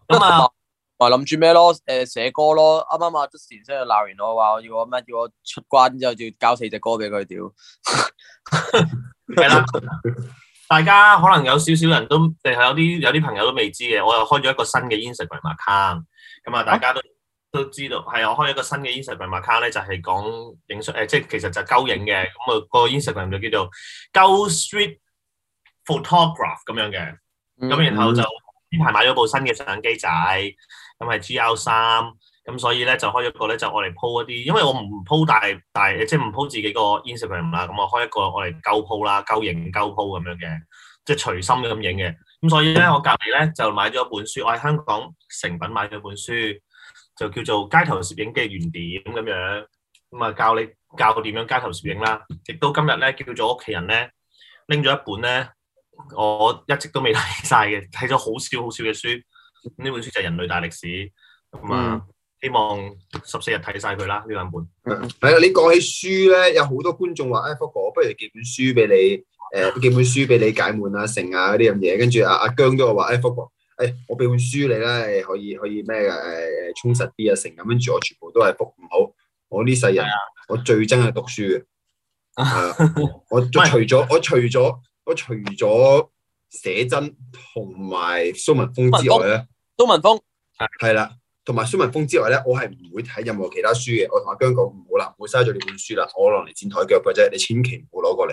咁啊。我諗住咩咯？誒，寫、呃、歌咯。啱啱啊 Justin 先嚟鬧完我，話叫我咩？叫我出關之後，就要交四隻歌俾佢屌。係啦，大家可能有少少人都，定係有啲有啲朋友都未知嘅。我又開咗一個新嘅 Instagram account，咁啊，大家都、嗯、都知道係我開咗一個新嘅 Instagram account 咧，就係講影相誒，即係其實就鳩影嘅。咁啊，個 Instagram 就叫做鳩 Street Photograph 咁樣嘅，咁、嗯、然後就呢排買咗部新嘅相機仔。咁係 G L 三，咁所以咧就開一個咧就我嚟鋪一啲，因為我唔鋪大大，即係唔鋪自己個 Instagram 啦。咁我開一個我嚟夠鋪啦，夠型夠鋪咁樣嘅，即係隨心咁影嘅。咁所以咧我隔離咧就買咗一本書，我喺香港誠品買咗本書，就叫做《街頭攝影嘅原點》咁樣，咁啊教你教佢點樣街頭攝影啦。亦都今日咧，叫做屋企人咧拎咗一本咧，我一直都未睇晒嘅，睇咗好少好少嘅書。呢本書就係人類大歷史咁啊，嗯、希望十四日睇晒佢啦呢兩本。係啦，你講起書咧，有好多觀眾話，哎，福哥，我不如寄本書俾你，誒，寄本書俾你解悶啊、成啊呢啲嘢。跟住啊，阿姜都話，哎，福哥，哎，我俾本書你啦，可以可以咩嘅？誒，充實啲啊，成咁跟住，我全部都係讀唔好。我呢世人，的我最憎係讀書嘅。我除咗，我除咗，我除咗。寫真同埋蘇文峰之外咧，蘇文峰？係啦，同埋蘇文峰之外咧，我係唔會睇任何其他書嘅。我同阿姜講唔好啦，唔會嘥咗你本書啦，我攞嚟墊台腳嘅啫，你千祈唔好攞過嚟。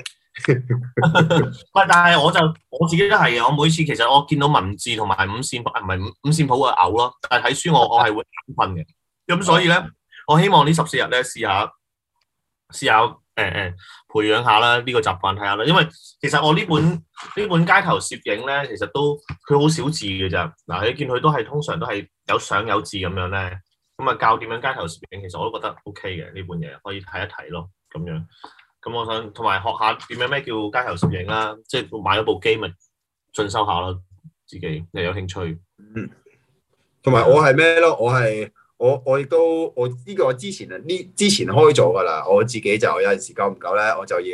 唔 但係我就我自己都係嘅。我每次其實我見到文字同埋五線譜，唔係五五線譜嘅嘔咯。但係睇書我我係會眼瞓嘅。咁 所以咧，我希望呢十四日咧試下，試下。誒誒，培養下啦，呢、這個習慣睇下啦。因為其實我呢本呢本街頭攝影咧，其實都佢好少字嘅咋。嗱，你見佢都係通常都係有相有字咁樣咧。咁啊教點樣街頭攝影，其實我都覺得 OK 嘅呢本嘢，可以睇一睇咯。咁樣，咁我想同埋學下點樣咩叫街頭攝影啦、啊。即係買咗部機咪進修下咯，自己又有興趣。同埋、嗯、我係咩咯？我係。我我亦都我呢、這個我之前啊呢之前開咗噶啦，我自己就有陣時夠唔夠咧，我就要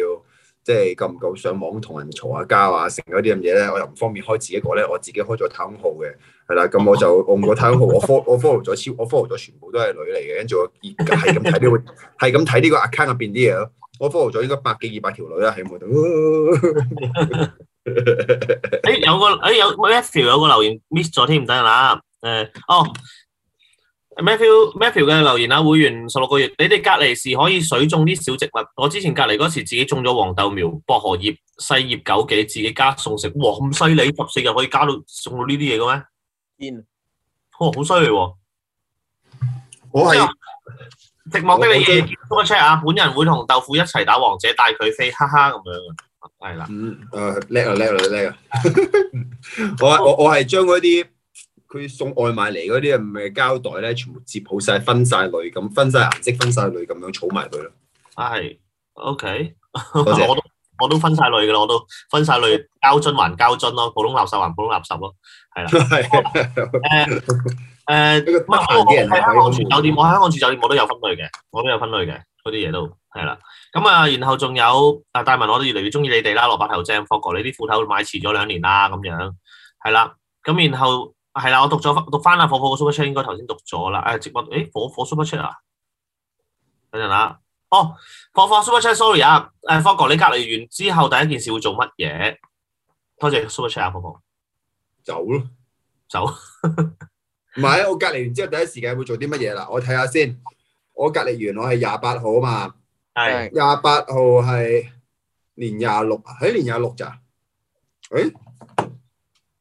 即係夠唔夠上網同人嘈下交啊，成咗啲咁嘢咧，我又唔方便開自己個咧，我自己開咗個太空號嘅，係啦，咁我就用我個太空號，我 follow 我 follow 咗超我 follow 咗全部都係女嚟嘅，跟住我而係咁睇呢個係咁睇呢個 account 入邊啲嘢咯，我 follow 咗應該百幾二百條女啦喺我度。哎有個哎有 Michelle 有個留言 miss 咗添，唔下啦，誒哦。哎 oh, Matthew Matthew 嘅留言啊，會員十六個月，你哋隔籬是可以水種啲小植物。我之前隔籬嗰時自己種咗黃豆苗、薄荷葉、細葉枸杞，自己加餸食，哇咁犀利！十四日可以加到送到呢啲嘢嘅咩？癲 In.、哦，好犀是、這個、利喎！我係寂寞的你，check 啊！本人會同豆腐一齊打王者，帶佢飛，哈哈咁樣、嗯、啊！係啦，嗯，叻啊叻啊叻啊！我我我係將嗰啲。佢送外賣嚟嗰啲啊，唔係膠袋咧，全部折好曬，分曬類咁，分曬顏色，分曬類咁樣儲埋佢咯。係，OK，我都我都分曬類噶啦，我都分曬類膠樽還膠樽咯，普通垃圾還普通垃圾咯，係啦。誒誒，唔係喺香港住酒店，我喺香港住酒店，我都有分類嘅，我都有分類嘅嗰啲嘢都係啦。咁啊，然後仲有啊，大文，我都越嚟越中意你哋啦。蘿蔔頭正，four 哥，你啲褲頭買遲咗兩年啦，咁樣係啦。咁然後。係啦、啊，我讀咗讀翻啦，火火個 super chat 應該頭先讀咗啦。誒、哎，直播，誒，火火 super chat 啊，等陣啦。哦，火火 super chat，sorry 啊，誒，方哥，你隔離完之後第一件事會做乜嘢？多謝 super chat 啊，火火，走咯啦，走。唔 係，我隔離完之後第一時間會做啲乜嘢啦？我睇下先。我隔離原來係廿八號啊嘛，係廿八號係年廿六、哎，喺年廿六咋？誒、哎？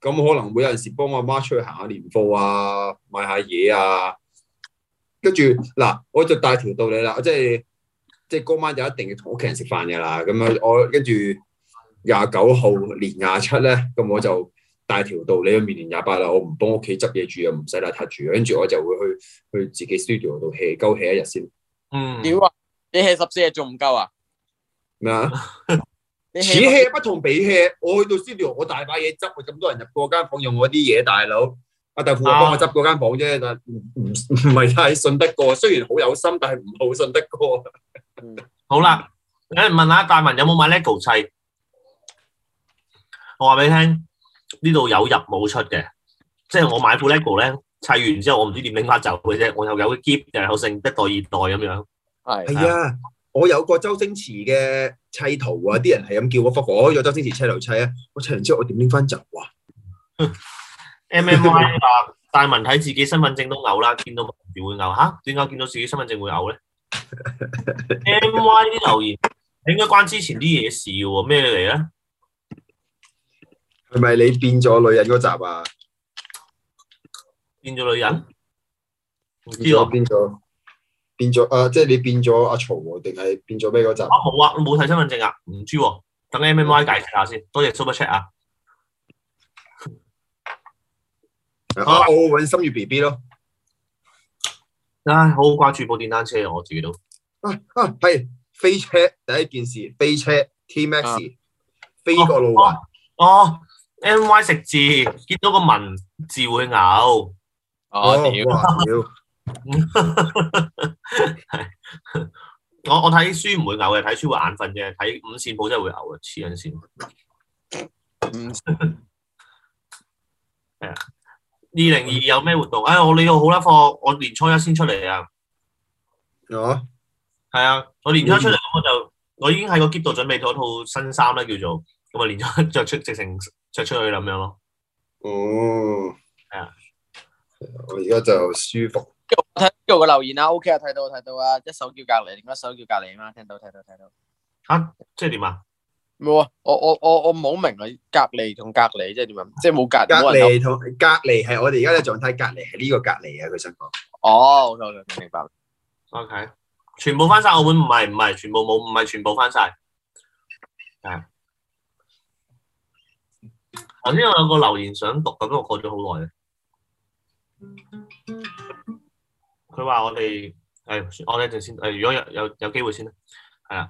咁可能會有陣時幫阿媽出去行下年貨啊，買下嘢啊，跟住嗱，我就帶條道理啦，即係即係嗰晚就一定要同屋企人食飯嘅啦。咁樣我跟住廿九號連廿七咧，咁我就帶條道理去面連廿八啦。我唔幫屋企執嘢住，又唔使邋遢住，跟住我就會去去自己 studio 度 hea，hea 一日先。嗯，屌啊！你 hea 十四日仲唔夠啊？咩麼？ 此氣不同彼氣，我去到 studio 我大把嘢執，咁多人入嗰間房用我啲嘢，大佬阿大富幫我執嗰間房啫，但唔唔唔係太信得過，雖然好有心，但係唔好信得過。好啦，嚟問下大文有冇買 Lego 砌？我話俾你聽，呢度有入冇出嘅，即係我買副 Lego 咧砌完之後，我唔知點拎翻走嘅啫，我又有 keep，又剩一代二代咁樣，係係的啊。我有個周星馳嘅砌圖啊，啲人係咁叫我，我有周星馳砌圖砌啊，我砌完之後我點拎翻集？哇 ！MMY 大文睇自己身份證都嘔啦，見到字會嘔，吓、啊？點解見到自己身份證會嘔咧 ？MMY 啲留言應該關之前啲嘢事喎，咩嚟啊？係咪你變咗女人嗰集啊？變咗女人？唔知我變咗。變變咗誒、呃，即係你變咗阿曹定係變咗咩嗰集？啊冇啊，冇睇身份證啊，唔知喎、啊。等 M M Y 解釋下先，嗯、多謝 Super Chat 啊！啊，我揾心如 B B 咯。唉，好掛住部電單車啊，我自己都！啊啊，係、啊、飛車第一件事，飛車 T Max、啊、飛過路環。哦、啊啊啊、，M Y 食字見到個文字會咬。哦，屌！ 我我睇書唔會嘔嘅，睇書會眼瞓嘅。睇五線譜真係會嘔啊！黐緊線。係啊三，二零二二有咩活動？哎，我你要好啦，放我年初一先出嚟啊。有啊的，係啊、嗯，我年初一出嚟我就我已經喺個 keep 度準備咗套新衫啦，叫做咁啊，年初一着出直成着出去咁樣咯。哦，係啊的，我而家就舒服。睇呢度個留言啊，OK 啊，睇到睇到啊，一手叫隔離，另一手叫隔離啊嘛，聽到聽到聽到。吓，即係點啊？冇啊，我我我我冇明佢，隔離同隔離即係點啊？即係冇隔隔離同隔離係我哋而家嘅狀態，隔離係呢個隔離啊，佢想講。哦，好啦，明白。OK，全部翻晒澳門，唔係唔係，全部冇，唔係全部翻晒。係。頭先我有個留言想讀，咁我過咗好耐啊。佢話我哋誒、哎，我哋一陣先誒、哎，如果有有有機會先啦，係啊。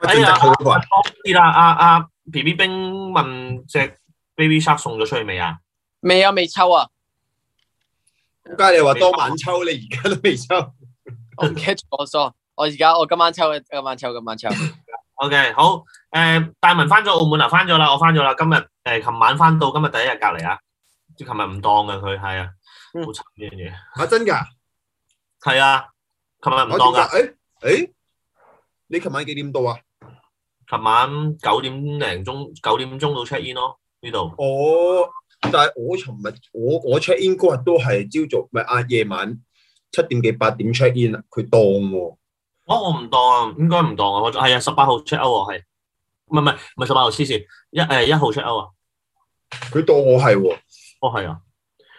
哎呀，多啲啦，阿阿 B B 冰問隻 Baby Shark 送咗出去未啊？未啊，未抽啊！點解你話當晚抽，你而家都未抽？抽 我唔記得咗數，我而家我今晚抽，今晚抽，今晚抽。 o、okay, K，好誒、呃，大文翻咗澳門啦，翻咗啦，我翻咗啦，今日誒，琴、呃、晚翻到，今日第一日隔離啊，即係琴日唔當嘅佢係啊，好慘呢樣嘢。啊，嗯、啊真噶？係啊，琴晚唔當噶。誒誒、欸欸，你琴晚幾點到啊？琴晚九點零鐘，九點鐘到 check in 咯呢度。哦，但係我琴日我我 check in 嗰日都係朝早，咪晏夜晚七點幾八點 check in 啊。佢當喎。哦，我唔當，該當我啊，應該唔當啊。時時 1, 1當我係啊，十八號 check out 係，唔係唔係唔係十八號黐線，一誒一號 check out 啊。佢當我係喎。哦，係啊。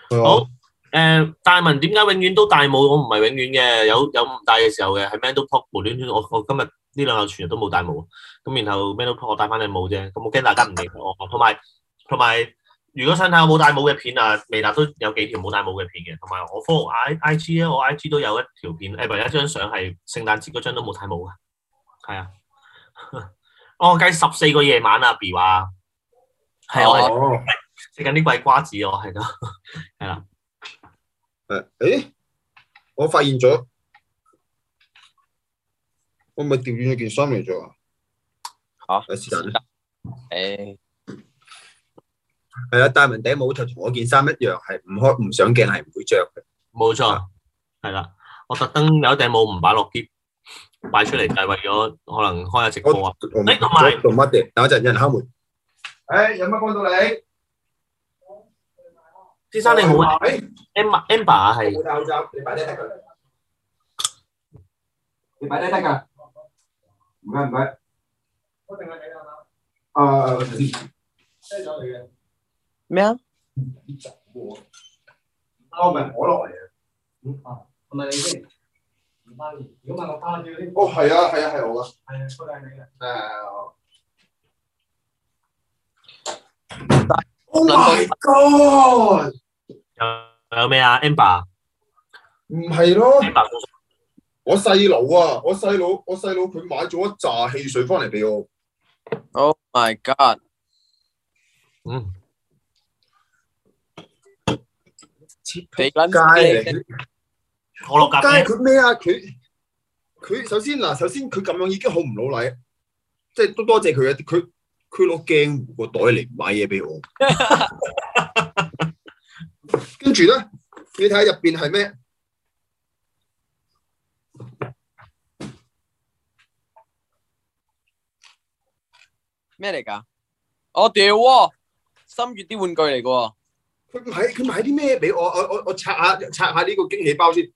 好。誒大帽，點解永遠都戴帽？我唔係永遠嘅，有有唔戴嘅時候嘅。係 Man to p o p 無端端，我我今日呢兩日全日都冇戴帽。咁然後 Man to p o p 我戴翻你帽啫。咁我驚大家唔理我。同埋同埋，如果想睇有冇戴帽嘅片啊，未達都有幾條冇戴帽嘅片嘅。同埋我 follow I I G 咧，我 I G 都有一條片誒，唔一張相係聖誕節嗰張都冇戴帽㗎。係啊，哦 oh. 我計十四個夜晚啊，B 話係我食緊啲鬼瓜子我係度，係啦、啊。誒，誒，我發現咗，我咪調轉咗件衫嚟做啊！好，有時間得。誒，係啊，戴文頂帽就同我件衫一樣，係唔開唔上鏡，係唔會着嘅。冇錯，係啦，我特登有一頂帽唔擺落篋，擺出嚟就係為咗可能開下直播啊。誒，同埋做乜嘅？有一陣有人敲門。誒，有乜幫到你？先生你好啊，Emma，Emma 係。我戴口罩，你擺低得佢。你擺低得噶？唔係唔係。我淨係呢樣啦。啊，你睇。咩啊？我咪可樂嚟嘅。啊，係咪你先？唔方便。如果問我翻去要啲？哦，係啊，係啊，係我噶。係啊，都係你嘅。誒，係我。Oh my God！有有咩啊？Amber 唔係咯，我細佬啊，我細佬，我細佬佢買咗一扎汽水翻嚟俾我。Oh my god！嗯，天崩街，我落架。但係佢咩啊？佢佢首先嗱，首先佢咁樣已經好唔老禮，即係都多謝佢啊！佢佢攞鏡湖個袋嚟買嘢俾我。 跟住咧，你睇下入邊係咩？咩嚟噶？我屌喎，心月啲玩具嚟噶？佢買佢買啲咩俾我？我我我拆下拆下呢個驚喜包先。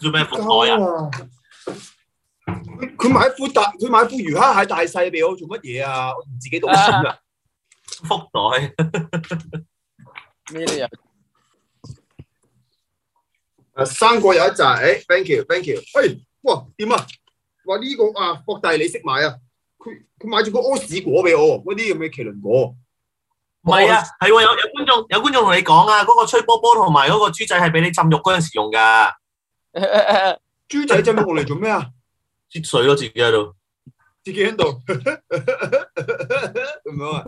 做咩伏台啊？佢佢買福袋，佢買副魚蝦蟹大細俾我做乜嘢啊？我唔自己賭錢噶，福袋咩啲人誒，生果有一紮、哎、，thank you，thank you，喂 you.、哎，哇，點啊？哇呢、這個啊，福袋你識買啊？佢佢買咗個屙屎果俾我，嗰啲咁嘅麒麟果，唔係啊，係、啊啊、有有觀眾有觀眾同你講啊，嗰、那個吹波波同埋嗰個豬仔係俾你浸肉嗰陣時用噶，誒豬 仔浸肉嚟做咩啊？ 啲水咯，自己喺度，自己喺度，唔好啊！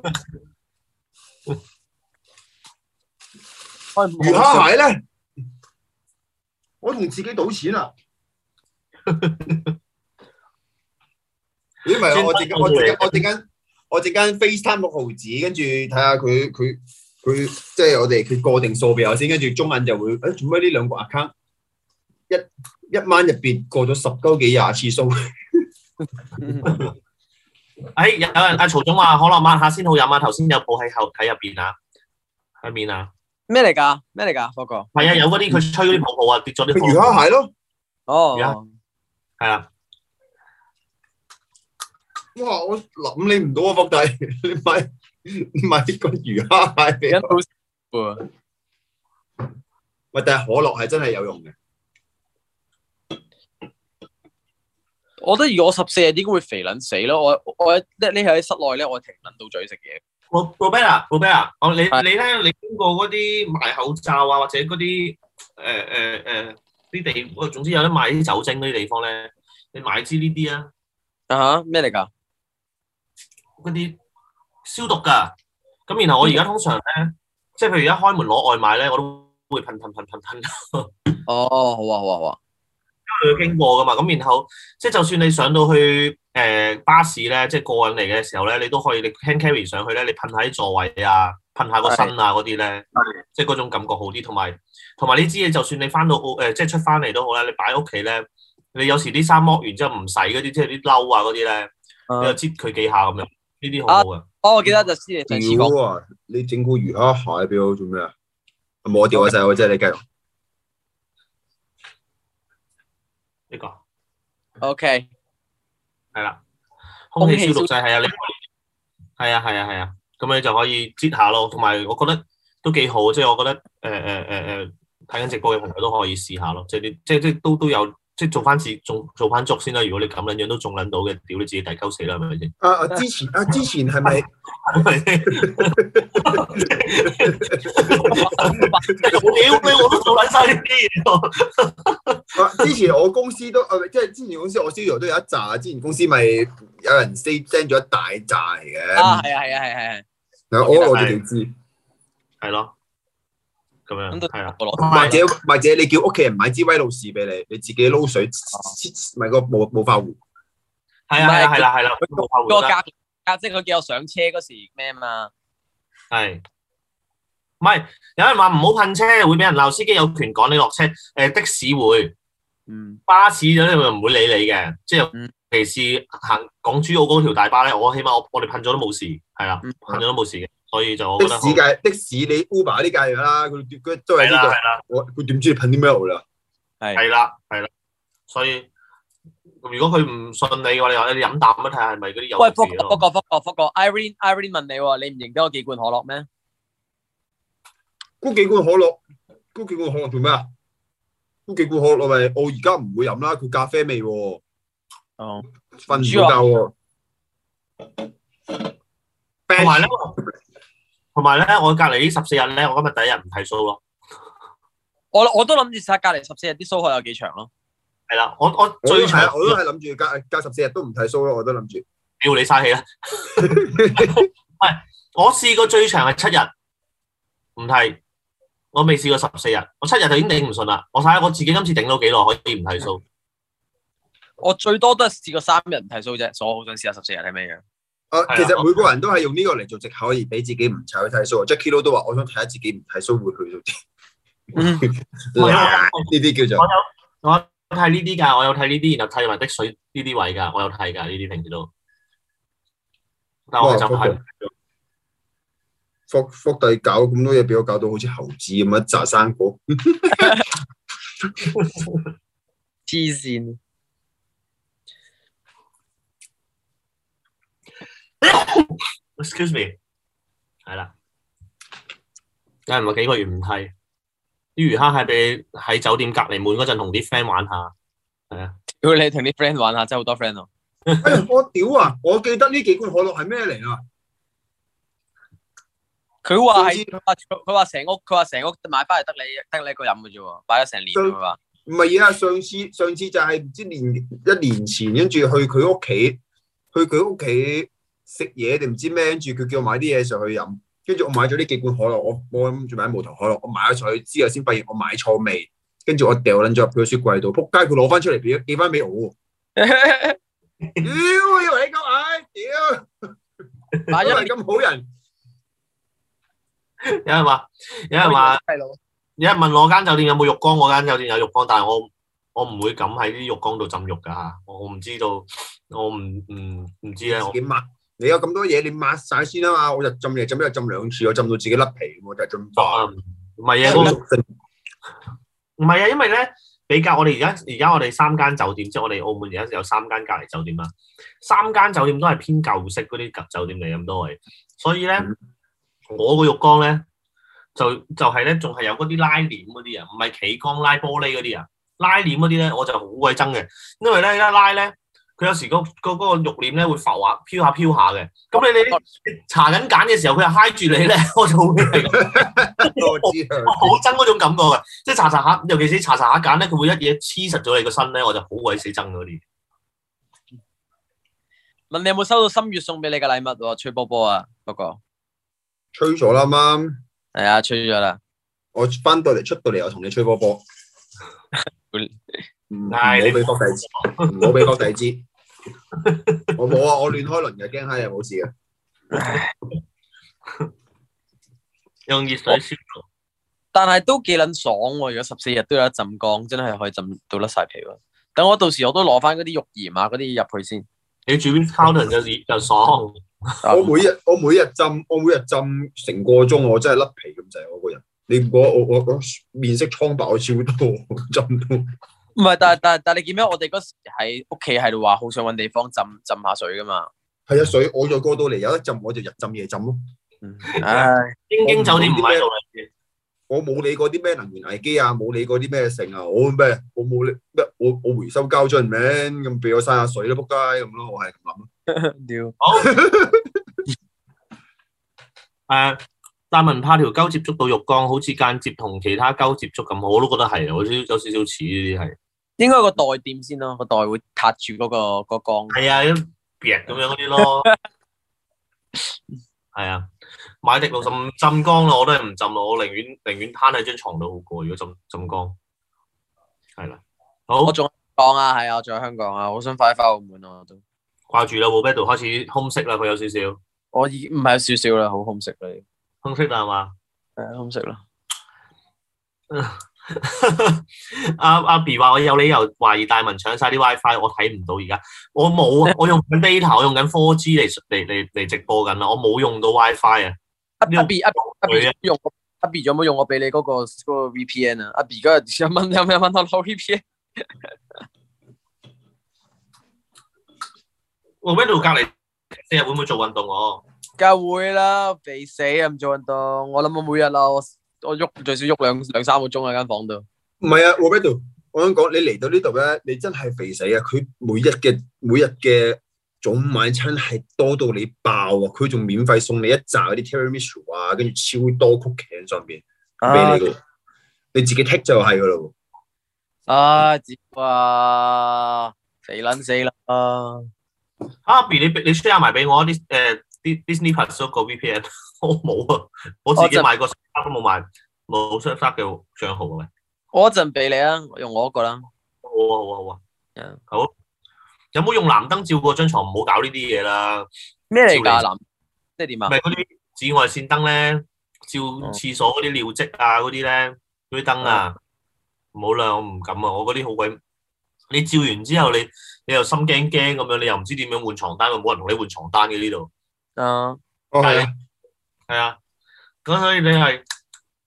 魚蝦蟹咧，我同自己賭錢啊！咦、 哎？唔係、啊啊、我我我我陣間我陣間 FaceTime 六毫子，跟住睇下佢佢佢即係我哋佢個定數俾我先，跟住中文就會誒做咩呢兩個 account 一？一晚入邊過咗十鳩幾廿次數，哎有有人阿曹總話可樂抹下先好飲啊！頭先有報喺後睇入邊啊，係咩啊？咩嚟噶？咩嚟噶？福哥係啊，有嗰啲佢吹嗰啲泡泡啊，跌咗啲。魚蝦蟹咯，哦，係啊，哇！我諗你唔到啊，福弟，你買你買啲個魚蝦蟹俾我。喂，但係可樂係真係有用嘅。我覺得如果我十四日點會肥撚死咯！我我咧匿喺室內咧，我停撚到嘴食嘢。我我咩啊？我咩啊？我你你咧，你經過嗰啲賣口罩啊，或者嗰啲誒誒誒啲地，我總之有得賣啲酒精嗰啲地方咧，你買支呢啲啊？啊？咩嚟㗎？嗰啲消毒㗎。咁然後我而家通常咧，即係譬如一開門攞外賣咧，我都會噴噴噴噴噴，噴，噴，噴。哦，oh, 好啊，好啊，好啊。佢經過噶嘛，咁然後即係就算你上到去誒、呃、巴士咧，即係過人嚟嘅時候咧，你都可以你 hand carry 上去咧，你噴下啲座位啊，噴下個身啊嗰啲咧，的即係嗰種感覺好啲。同埋同埋呢啲嘢，就算你翻到屋、呃、即係出翻嚟都好啦，你擺喺屋企咧，你有時啲衫剝完之後唔洗嗰啲，即係啲褸啊嗰啲咧，呃、你就摺佢幾下咁樣，呢啲好好嘅、啊。哦，我記得就之前上次講，你整過魚蝦蟹俾我做咩啊？冇掉個細佬啫，你繼續。呢個，OK，係啦，空氣消毒劑係啊，你係啊係啊係啊，咁你就可以接下咯。同埋我覺得都幾好，即係我覺得誒誒誒誒，睇緊直播嘅朋友都可以試下咯。即係啲即係即都都有。即係做翻自己做翻足先啦！如果你咁撚樣都仲撚到嘅，屌你自己大鳩死啦，係咪先？啊啊！之前啊，之前係咪？屌你我都做撚晒呢啲嘢！啊！之前我公司都啊，即係之前公司我銷售都有一扎。之前公司咪有人 say 聽咗一大扎嘅。啊係啊係啊係啊，係。我我哋知，係咯。咁樣，對啊、或者或者 你叫屋企人買支威露士俾你，你自己撈水，咪個冇冇法壺？係啊，係啦，係啦。嗰個價價，即佢叫我上車嗰時咩啊嘛？係，唔係有人話唔好噴車，會俾人鬧。司機有權趕你落車。誒、呃、的士會，嗯、巴士咗你又唔會理你嘅，即係、嗯、尤其是行港珠澳嗰條大巴咧，我起碼我我哋噴咗都冇事，係啦、啊，嗯、噴咗都冇事嘅。所以就的士界的士你 Uber 啲界嘅啦，佢都係呢個，係啦佢點知噴啲咩料啦？係。係啦係啦，所以如果佢唔信你嘅話，你話你飲啖啊，睇下係咪嗰啲有。喂，福哥福哥福哥福哥，Irene Irene 問你喎，你唔認得我幾罐可樂咩？嗰幾罐可樂，嗰幾罐可樂做咩啊？嗰幾罐可樂咪我而家唔會飲啦，佢咖啡味喎。哦。瞓唔到喎。同埋咧，我隔籬呢十四日咧，我今日第一日唔睇 s 提數咯。我我都諗住試隔籬十四日啲 show 可有幾長咯、啊。係啦，我我最長我都係諗住加隔十四日都唔睇 show 咯，我都諗住屌你嘥氣啦！喂，我試 過最長係七日，唔提。我未試過十四日，我七日就已經頂唔順啦。我睇下我自己今次頂到幾耐可以唔睇 show。的我最多都係試過三日唔睇提數啫，所以我好想試下十四日係咩樣。啊，其實每個人都係用呢個嚟做借口而俾自己唔踩去睇縮。Jacky l、啊啊啊、都話，我想睇下自己唔睇縮會去到啲。呢啲、嗯啊、叫做我有我睇呢啲噶，我有睇呢啲，然後睇埋的水呢啲位噶，我有睇噶呢啲平時都。但係我，我就福福地搞咁多嘢，俾我搞到好似猴子咁樣摘生果。黐線。 excuse me，係啦，梗係唔係幾個月唔係啲魚蝦係俾喺酒店隔籬門嗰陣同啲 friend 玩下，係啊，屌你同啲 friend 玩下，真係好多 friend 哦、啊 哎。我屌啊！我記得呢幾罐可樂係咩嚟啊？佢話係佢話成屋佢話成屋買翻嚟得你得你一個飲嘅啫，喎，擺咗成年佢話。唔係啊，上次上次就係唔知年一年前，跟住去佢屋企，去佢屋企。食嘢定唔知咩住？佢叫我買啲嘢上去飲，跟住我買咗呢幾罐可樂，我冇諗住買無糖可樂，我買咗上去之後先發現我買錯味，跟住我掉捻咗入佢個雪櫃度，仆街！佢攞翻出嚟俾，寄翻俾我。屌， 以為你咁矮，屌，以為咁好人。有人話，有人話，有人問我間酒店有冇浴缸，我間酒店有浴缸，但係我我唔會敢喺啲浴缸度浸浴噶吓，我唔知道，我唔唔唔知咧。幾萬不？你有咁多嘢，你抹晒先啊嘛！我就浸夜浸，一浸兩次，我浸到自己甩皮我就係咁快，唔係啊，唔係啊，因為咧比較我哋而家而家我哋三間酒店，即係我哋澳門而家有三間隔離酒店啦。三間酒店都係偏舊式嗰啲酒店嚟咁多位，所以咧、嗯、我個浴缸咧就就係咧仲係有嗰啲拉簾嗰啲啊，唔係企缸拉玻璃嗰啲啊，拉簾嗰啲咧我就好鬼憎嘅，因為咧一拉咧。佢有時嗰個肉鏈咧會浮下飄下飄下嘅，咁你你查緊揀嘅時候，佢就嗨住你咧，我就會好 憎嗰種感覺嘅，即係查查下，尤其是查查下揀咧，佢會一嘢黐實咗你個身咧，我就好鬼死憎嗰啲。問你有冇收到心月送俾你嘅禮物吹波波啊？不過吹咗啦，媽，係啊，吹咗啦，我翻到嚟，出到嚟，我同你吹波波。 唔係你俾伏仔知，唔好俾伏仔知。我冇啊， 水我亂開輪嘅，驚下又冇事嘅。用熱水燒，但係都幾撚爽。如果十四日都有一浸缸，真係可以浸到甩晒皮。等我到時我都攞翻嗰啲浴鹽啊，嗰啲入去先。你住邊 pattern 就熱就爽。 我每日我每日浸，我每日浸成個鐘，我真係甩皮咁滯。我個人，你唔好我我，我，我面色蒼白我會，我超多浸到。 唔係，但但但係，你見咩？我哋嗰時喺屋企喺度話好想搵地方浸浸下水噶嘛？係啊，水我再過到嚟有一浸，我就日浸夜浸咯。唉，京京酒店啲咩例子？我冇理過啲咩能源危機啊，冇理過啲咩剩啊，我咩？我冇咩？我我回收膠樽，咁畀我晒下水啦，扑街咁咯，我係咁諗啊！但係唔怕條溝接觸到浴缸，好似間接同其他溝接觸咁，我都覺得係啊，我有少少有少少似係。應該個袋掂先咯，個袋會撻住嗰、嗰個嗰個缸。係啊，咁劈樣嗰啲咯。係啊，買滴露浸浸缸咯，我都係唔浸咯，我寧願寧願攤喺張床度好過。如果浸浸缸，係啦、啊，好。我仲講啊，係啊，我仲喺香港啊，好想快啲翻澳門啊，都掛住啦，冇 b e d 開始空色啦，佢有少少。我已經唔係有少少啦，好空色啦，空色啦係嘛？係啊，空色咯。阿 阿 B 話我有理由懷疑大文搶晒啲 WiFi，我睇唔到而家，我冇我用 data，我用緊 4G 嚟嚟嚟嚟直播緊啦，我冇用到 WiFi 啊。Fi、阿 B 阿 B, 阿 B 用阿，阿 B 有冇用？我俾你嗰個嗰個 VPN 啊。阿 B 而家一蚊一蚊一蚊到攞 VPN。我 Window 隔籬成日會唔會做運動？我梗會啦，肥死啊！唔做運動，我諗我每日啊，我。我喐最少喐兩兩三個鐘喺間房度，唔係啊，我喺度。我想講，你嚟到呢度咧，你真係肥死啊！佢每日嘅每日嘅早午晚餐係多到你爆啊！佢仲免費送你一扎嗰啲 Tiramisu 啊，跟住超多曲奇喺上邊，俾你你自己剔就係噶咯。啊，哇、啊！子死撚死啦 Happy 你你 share 埋俾我啲誒。呃啲 b s i n e s s p e r o n 個 VPN 我冇啊，我自己買個商卡都冇買冇 o 卡嘅賬號嘅。我一陣俾你啊，用我一個啦。好啊好啊好啊。好，啊好啊，有冇用藍燈照過張床？唔好搞呢啲嘢啦。咩嚟噶藍？即係點啊？唔係嗰啲紫外綫燈咧，照廁所嗰啲尿漬啊，嗰啲咧嗰啲燈啊，唔好啦，我唔敢啊，我嗰啲好鬼。你照完之後你，你你又心驚驚咁樣，你又唔知點樣換床單，冇人同你換床單嘅呢度。Uh，哦、啊，係，係啊，咁所以你係，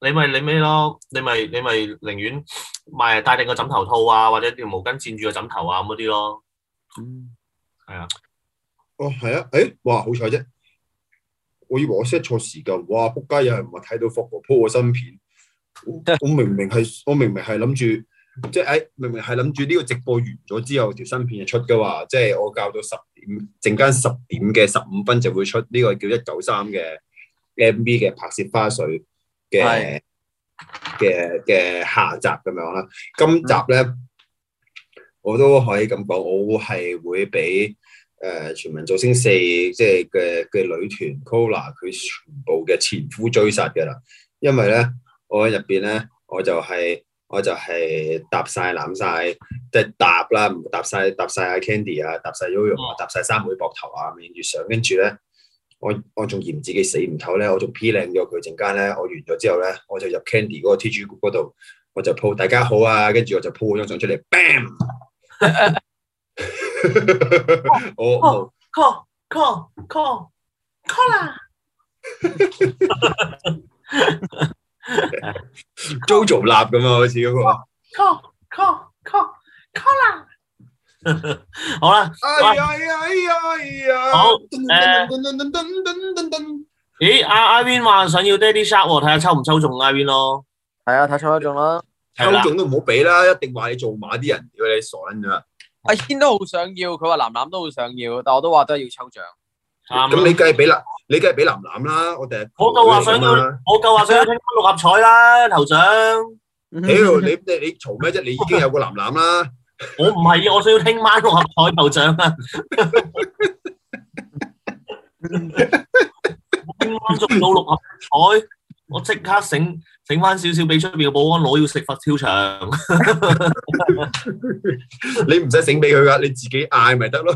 你咪你咩咯，你咪你咪寧願買帶定個枕頭套啊，或者條毛巾纏住個枕頭啊咁嗰啲咯。嗯，係啊。哦，係啊，誒、欸，哇，好彩啫，我以為我 set 錯時間，哇，仆街又係唔係睇到復活鋪嘅新片？我 我明明係，我明明係諗住。即係誒，明明係諗住呢個直播完咗之後，條新片就出噶話，即係我教到十點，陣間十點嘅十五分就會出呢個叫一九三嘅 MV 嘅拍攝花絮嘅嘅嘅下集咁樣啦。今集咧，嗯、我都可以咁講，我係會俾誒全民造星四即係嘅嘅女團 Cola 佢全部嘅前夫追殺嘅啦，因為咧我喺入邊咧，我就係。我就係搭晒，攬晒，即係搭啦，唔搭晒，搭晒阿 Candy 啊，搭晒 YoYo 啊，搭晒三妹膊頭啊，面住上。跟住咧我我仲嫌自己死唔透咧，我仲 P 靚咗佢。陣間咧，我完咗之後咧，我就入 Candy 嗰個 T G Group 嗰度，我就 po 大家好啊，跟住我就 po 張相出嚟，BAM！Call call call call 啦！我做做立咁啊，好似嗰個，call call call call 啦。好啦。哎呀哎呀哎呀！好。誒。咦，阿阿軒話想要 Daddy Shark，睇下抽唔抽中阿軒咯。係啊，睇抽唔抽中啦。抽中都唔好俾啦，一定話你做馬啲人，以為你傻人咋？阿軒都好想要，佢話楠楠都好想要，但係我都話都係要抽獎。咁你梗係俾啦，你梗係俾男男啦，我第日我夠話想，我夠話想聽晚六合彩啦，頭獎。屌你你你嘈咩啫？你已經有個男男啦。我唔係，我想要聽晚六合彩頭獎啊！聽晚中到六合彩，我即刻醒醒翻少少，俾出邊嘅保安攞要食佛超長。你唔使醒俾佢噶，你自己嗌咪得咯。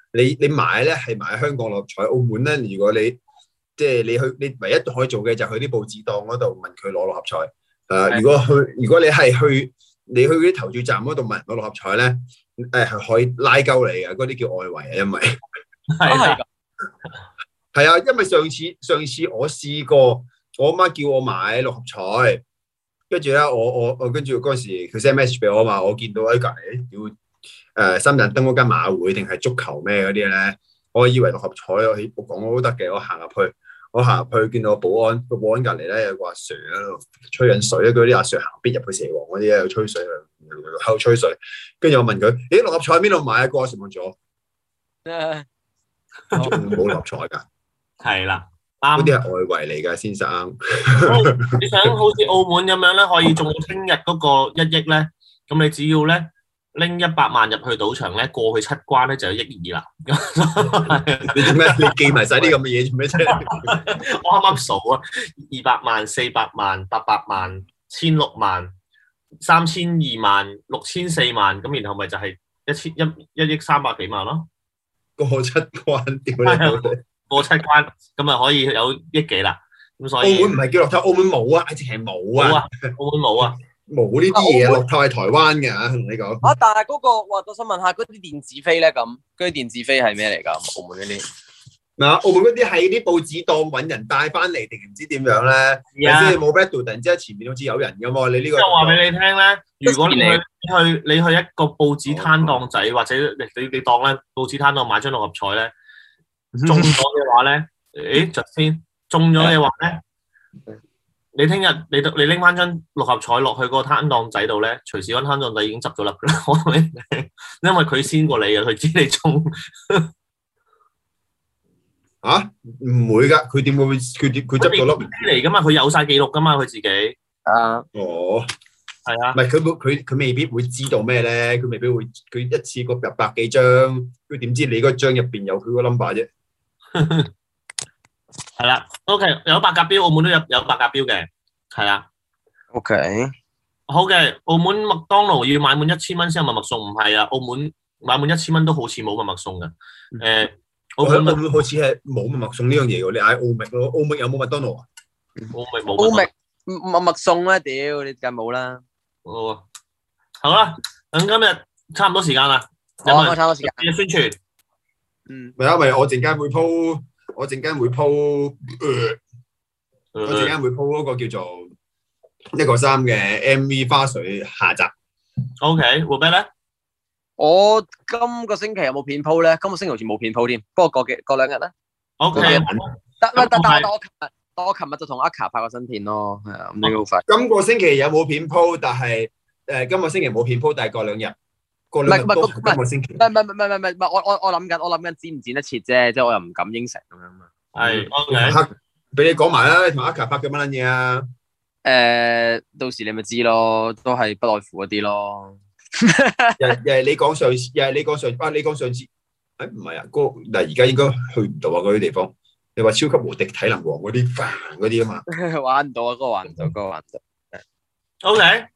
你你買咧係買香港六合彩，澳門咧，如果你即係你去，你唯一可以做嘅就去啲報紙檔嗰度問佢攞六合彩。誒的、呃，如果去如果你係去你去嗰啲投注站嗰度問攞六合彩咧，誒、呃、係可以拉鳩你嘅，嗰啲叫外圍啊，因為係係啊，因為上次上次我試過，我媽叫我買六合彩，跟住咧我我我跟住嗰時佢 send message 俾我話，我見到喺隔籬。誒、呃、深圳登嗰間馬會定係足球咩嗰啲咧？我以為六合彩，我講我都得嘅。我行入去，我行入去見到保安，個保安隔離咧有個阿 Sir 喺度吹緊水。嗰啲阿 Sir 行必入去蛇王嗰啲咧，又吹水，喺度吹水。跟住我問佢，咦，六合彩喺邊度買啊？個阿 Sir 望左，仲冇六合彩㗎，係啦，啱啲係外圍嚟㗎，先生。你想好似澳門咁樣咧，可以中到聽日嗰個一億咧，咁你只要咧。拎一百萬入去賭場咧，過去七關咧就有億二啦。你做咩？你記埋晒啲咁嘅嘢做咩啫？我啱啱數啊，二百萬、四百萬、八百萬、千六萬、三千二萬、六千四萬，咁然後咪就係一千一一億三百幾萬咯。過七關點，過七關，咁啊可以有億幾啦。咁所以澳門唔係叫落，但係澳門冇啊，一直係冇啊，澳門冇啊。冇呢啲嘢，六合彩係台灣嘅同你講嚇、啊。但係嗰、嗰個，我想問下嗰啲電子飛咧，咁嗰啲電子飛係咩嚟㗎？澳門嗰啲，嗱、啊、澳門嗰啲喺啲報紙檔揾人帶翻嚟，定唔知點樣咧，係知你冇 b e c k d o 突然之間前面好似有人㗎嘛？你呢、呢個又話俾你聽咧，如果去你去你去一個報紙攤檔仔、哦、或者你你當咧報紙攤檔買張六合彩咧 中咗嘅話咧，誒頭先中咗嘅話咧。 呢你聽日你你拎翻張六合彩落去個攤檔仔度咧，隨時嗰攤檔仔已經執咗笠噶啦，因為佢先過你嘅，佢知你中。嚇？唔會噶，佢點會？佢點佢執咗笠？佢嚟噶嘛？佢有晒記錄噶嘛？佢自己。啊。哦。係啊。唔係佢會佢佢未必會知道咩咧？佢未必會佢一次過入百幾張，佢點知你嗰張入邊有佢個 number 啫？係啦，OK，有白鴿標，澳門都有有白鴿標嘅，係啦，OK，好嘅，澳門麥當勞要買滿一千蚊先有麥麥送，唔係啊，澳門買滿一千蚊都好似冇麥麥送噶，誒，我 喺澳，門澳門好似係冇麥麥送呢樣嘢噶、啊，你嗌澳門，澳門有冇麥當勞啊？澳門冇，澳麥送啊，屌，你梗冇啦，哦，好啦，咁今日差唔多時間啦，我差唔多時間，要宣傳，嗯，咪因為我陣間會鋪。我陣間會 po、呃、我陣間會 po 嗰個叫做一個三嘅 MV 花絮下集。O.K. w 咩咧？我今個星期有冇片 po 咧、呃？今個星期好似冇片 po 添，不過過幾過兩日咧。O.K. 得，啦，得但，多我琴日就同阿卡拍個新片咯。係啊，你好快。今個星期有冇片 po 但係，誒，今個星期冇片 po 但係過兩日。唔係唔係唔係唔係唔係唔係，我我我諗緊，我諗緊剪唔剪得切啫，即係我，我又唔敢應承咁樣嘛。係、哎、阿、okay、黑，俾你講埋啦，你同阿卡拍緊乜撚嘢啊？誒、呃，到時你咪知咯，都係不外乎嗰啲咯。又 又、yeah, yeah, 你講上次，又、yeah, 係你講上次，啊、你講上次，誒唔係啊，嗰嗱而家應該去唔到啊嗰啲、那個、地方。你話超級無敵體能王嗰啲飯嗰啲啊嘛， 玩唔到，玩到啊，嗰玩唔到，嗰玩唔到。O K，好啊，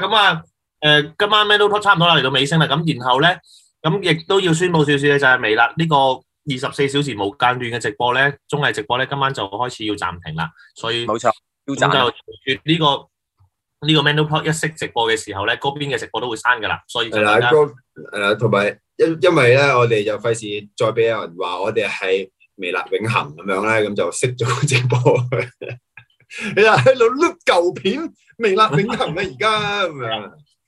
咁啊。誒、呃，今晚 mental talk 差唔多啦，嚟到尾聲啦。咁然後咧，咁亦都要宣布少少嘅就係微辣呢、這個二十四小時無間斷嘅直播咧，綜藝直播咧。今晚就開始要暫停啦，所以冇錯，要暫停。呢、這個呢、這個 mental talk 一熄直播嘅時候咧，嗰邊嘅直播都會閂噶啦。所以誒，同埋因因為咧，我哋就費事再俾人話我哋係微辣永恆咁樣咧，咁就熄咗直播。你話喺度碌 o o k 舊片，微辣永恆啊，而家咁樣。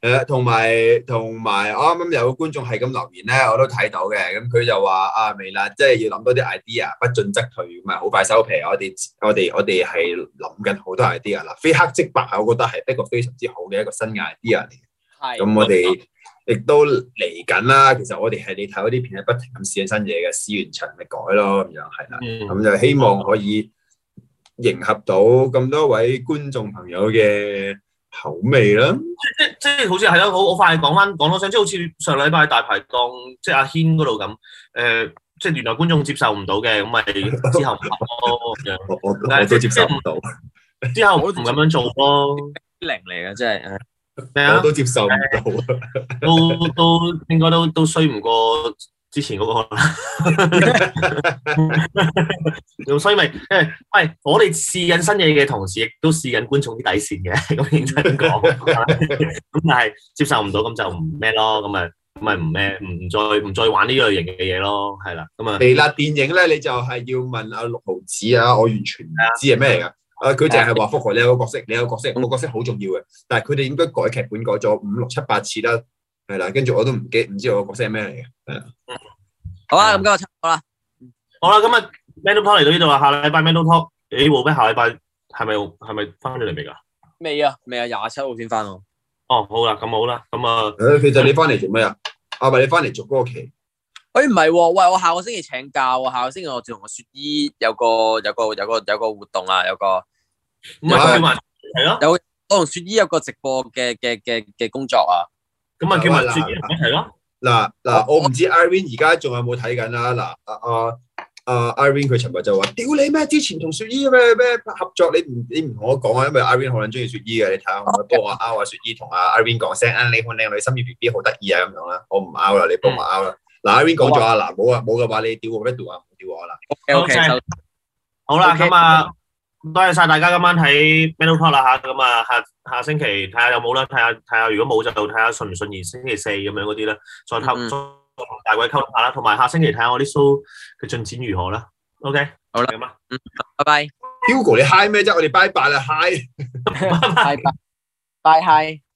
誒，同埋同埋，我啱啱有個觀眾係咁留言咧，我都睇到嘅。咁佢就話：啊，微辣，即係要諗多啲 idea，不進則退咁啊，好快收皮。我哋我哋我哋係諗緊好多 idea 啦，非黑即白，我覺得係一個非常之好嘅一個新嘅 idea 嚟嘅。係的。咁我哋亦都嚟緊啦。其實我哋係你睇嗰啲片，係不停咁試新嘢嘅，試完場，咪改咯，咁樣係啦。咁就希望可以迎合到咁多位觀眾朋友嘅。口味啦，即即即好似係咯，我我快講翻講多聲，即係好似上禮拜大排檔，即係阿軒嗰度咁，誒，即係原來觀眾接受唔到嘅，咁咪之後唔咯， 我我都接受唔到，即係之後唔咁樣做咯，零嚟嘅，真係，咩 啊？ 我都接受唔到， 都都應該都都衰唔過。之前嗰個， 所以咪、就是，因為我哋試緊新嘢嘅同時，亦都試緊觀眾啲底線嘅，咁認真講，咁 但係接受唔到，咁就唔咩咯，咁咪咁咪唔咩，唔再唔再玩呢類型嘅嘢咯，係啦，咁啊，係啦，電影咧，你就係要問阿六毫子啊，我完全唔知係咩嚟噶。啊佢淨係話福荷你有個角色，你有個角色，嗯、咁個角色好重要嘅，但係佢哋應該改劇本改咗五六七八次啦。係啦，跟住我都唔記唔知我個角色係咩嚟嘅，係啊，嗯，好啊，咁今日差唔多啦，好啦，今日 mental talk 嚟到呢度啊，下禮拜 mental talk，你話咩？下禮拜係咪係咪翻咗嚟未噶？未啊，未啊，廿七號先翻哦。哦，好啦，咁好啦，咁啊，誒，其實你翻嚟做咩啊？係咪你翻嚟做嗰個期？誒，唔係喎，喂，我下個星期請假喎，下個星期我仲同雪姨有個有個有個有個活動啊，有個唔係係咯，有我同雪姨有個直播嘅嘅嘅嘅工作啊。咁咪叫埋雪姨係咯？嗱嗱，我唔知 Irene 而家仲有冇睇緊啦。嗱阿阿阿 Irene 佢尋日就話：屌你咩？之前同雪姨咩咩合作？你唔你唔同我講啊，因為 Irene 好撚中意雪姨嘅。你睇下，我幫我 out 啊！雪姨同阿 Irene 講聲：啊，你好靚女，新月 B B 好得意啊！咁樣啦，我唔 out 啦，你幫我 out 啦。嗱 Irene 講咗啊，嗱冇啊冇嘅話，你屌我 e do 啊？唔屌我啦。O K，好啦，咁啊。多謝晒大家今晚睇 battle talk 啦吓，咁啊下下星期睇下有冇啦，睇下睇下如果冇就睇下順唔順延星期四咁樣嗰啲啦，再同大鬼溝通下啦，同埋下星期睇下我啲 show 嘅進展如何啦。OK，好啦，咁啊，拜拜。Hugo 你 hi 咩啫？我哋拜拜啦，hi，拜拜，拜 hi。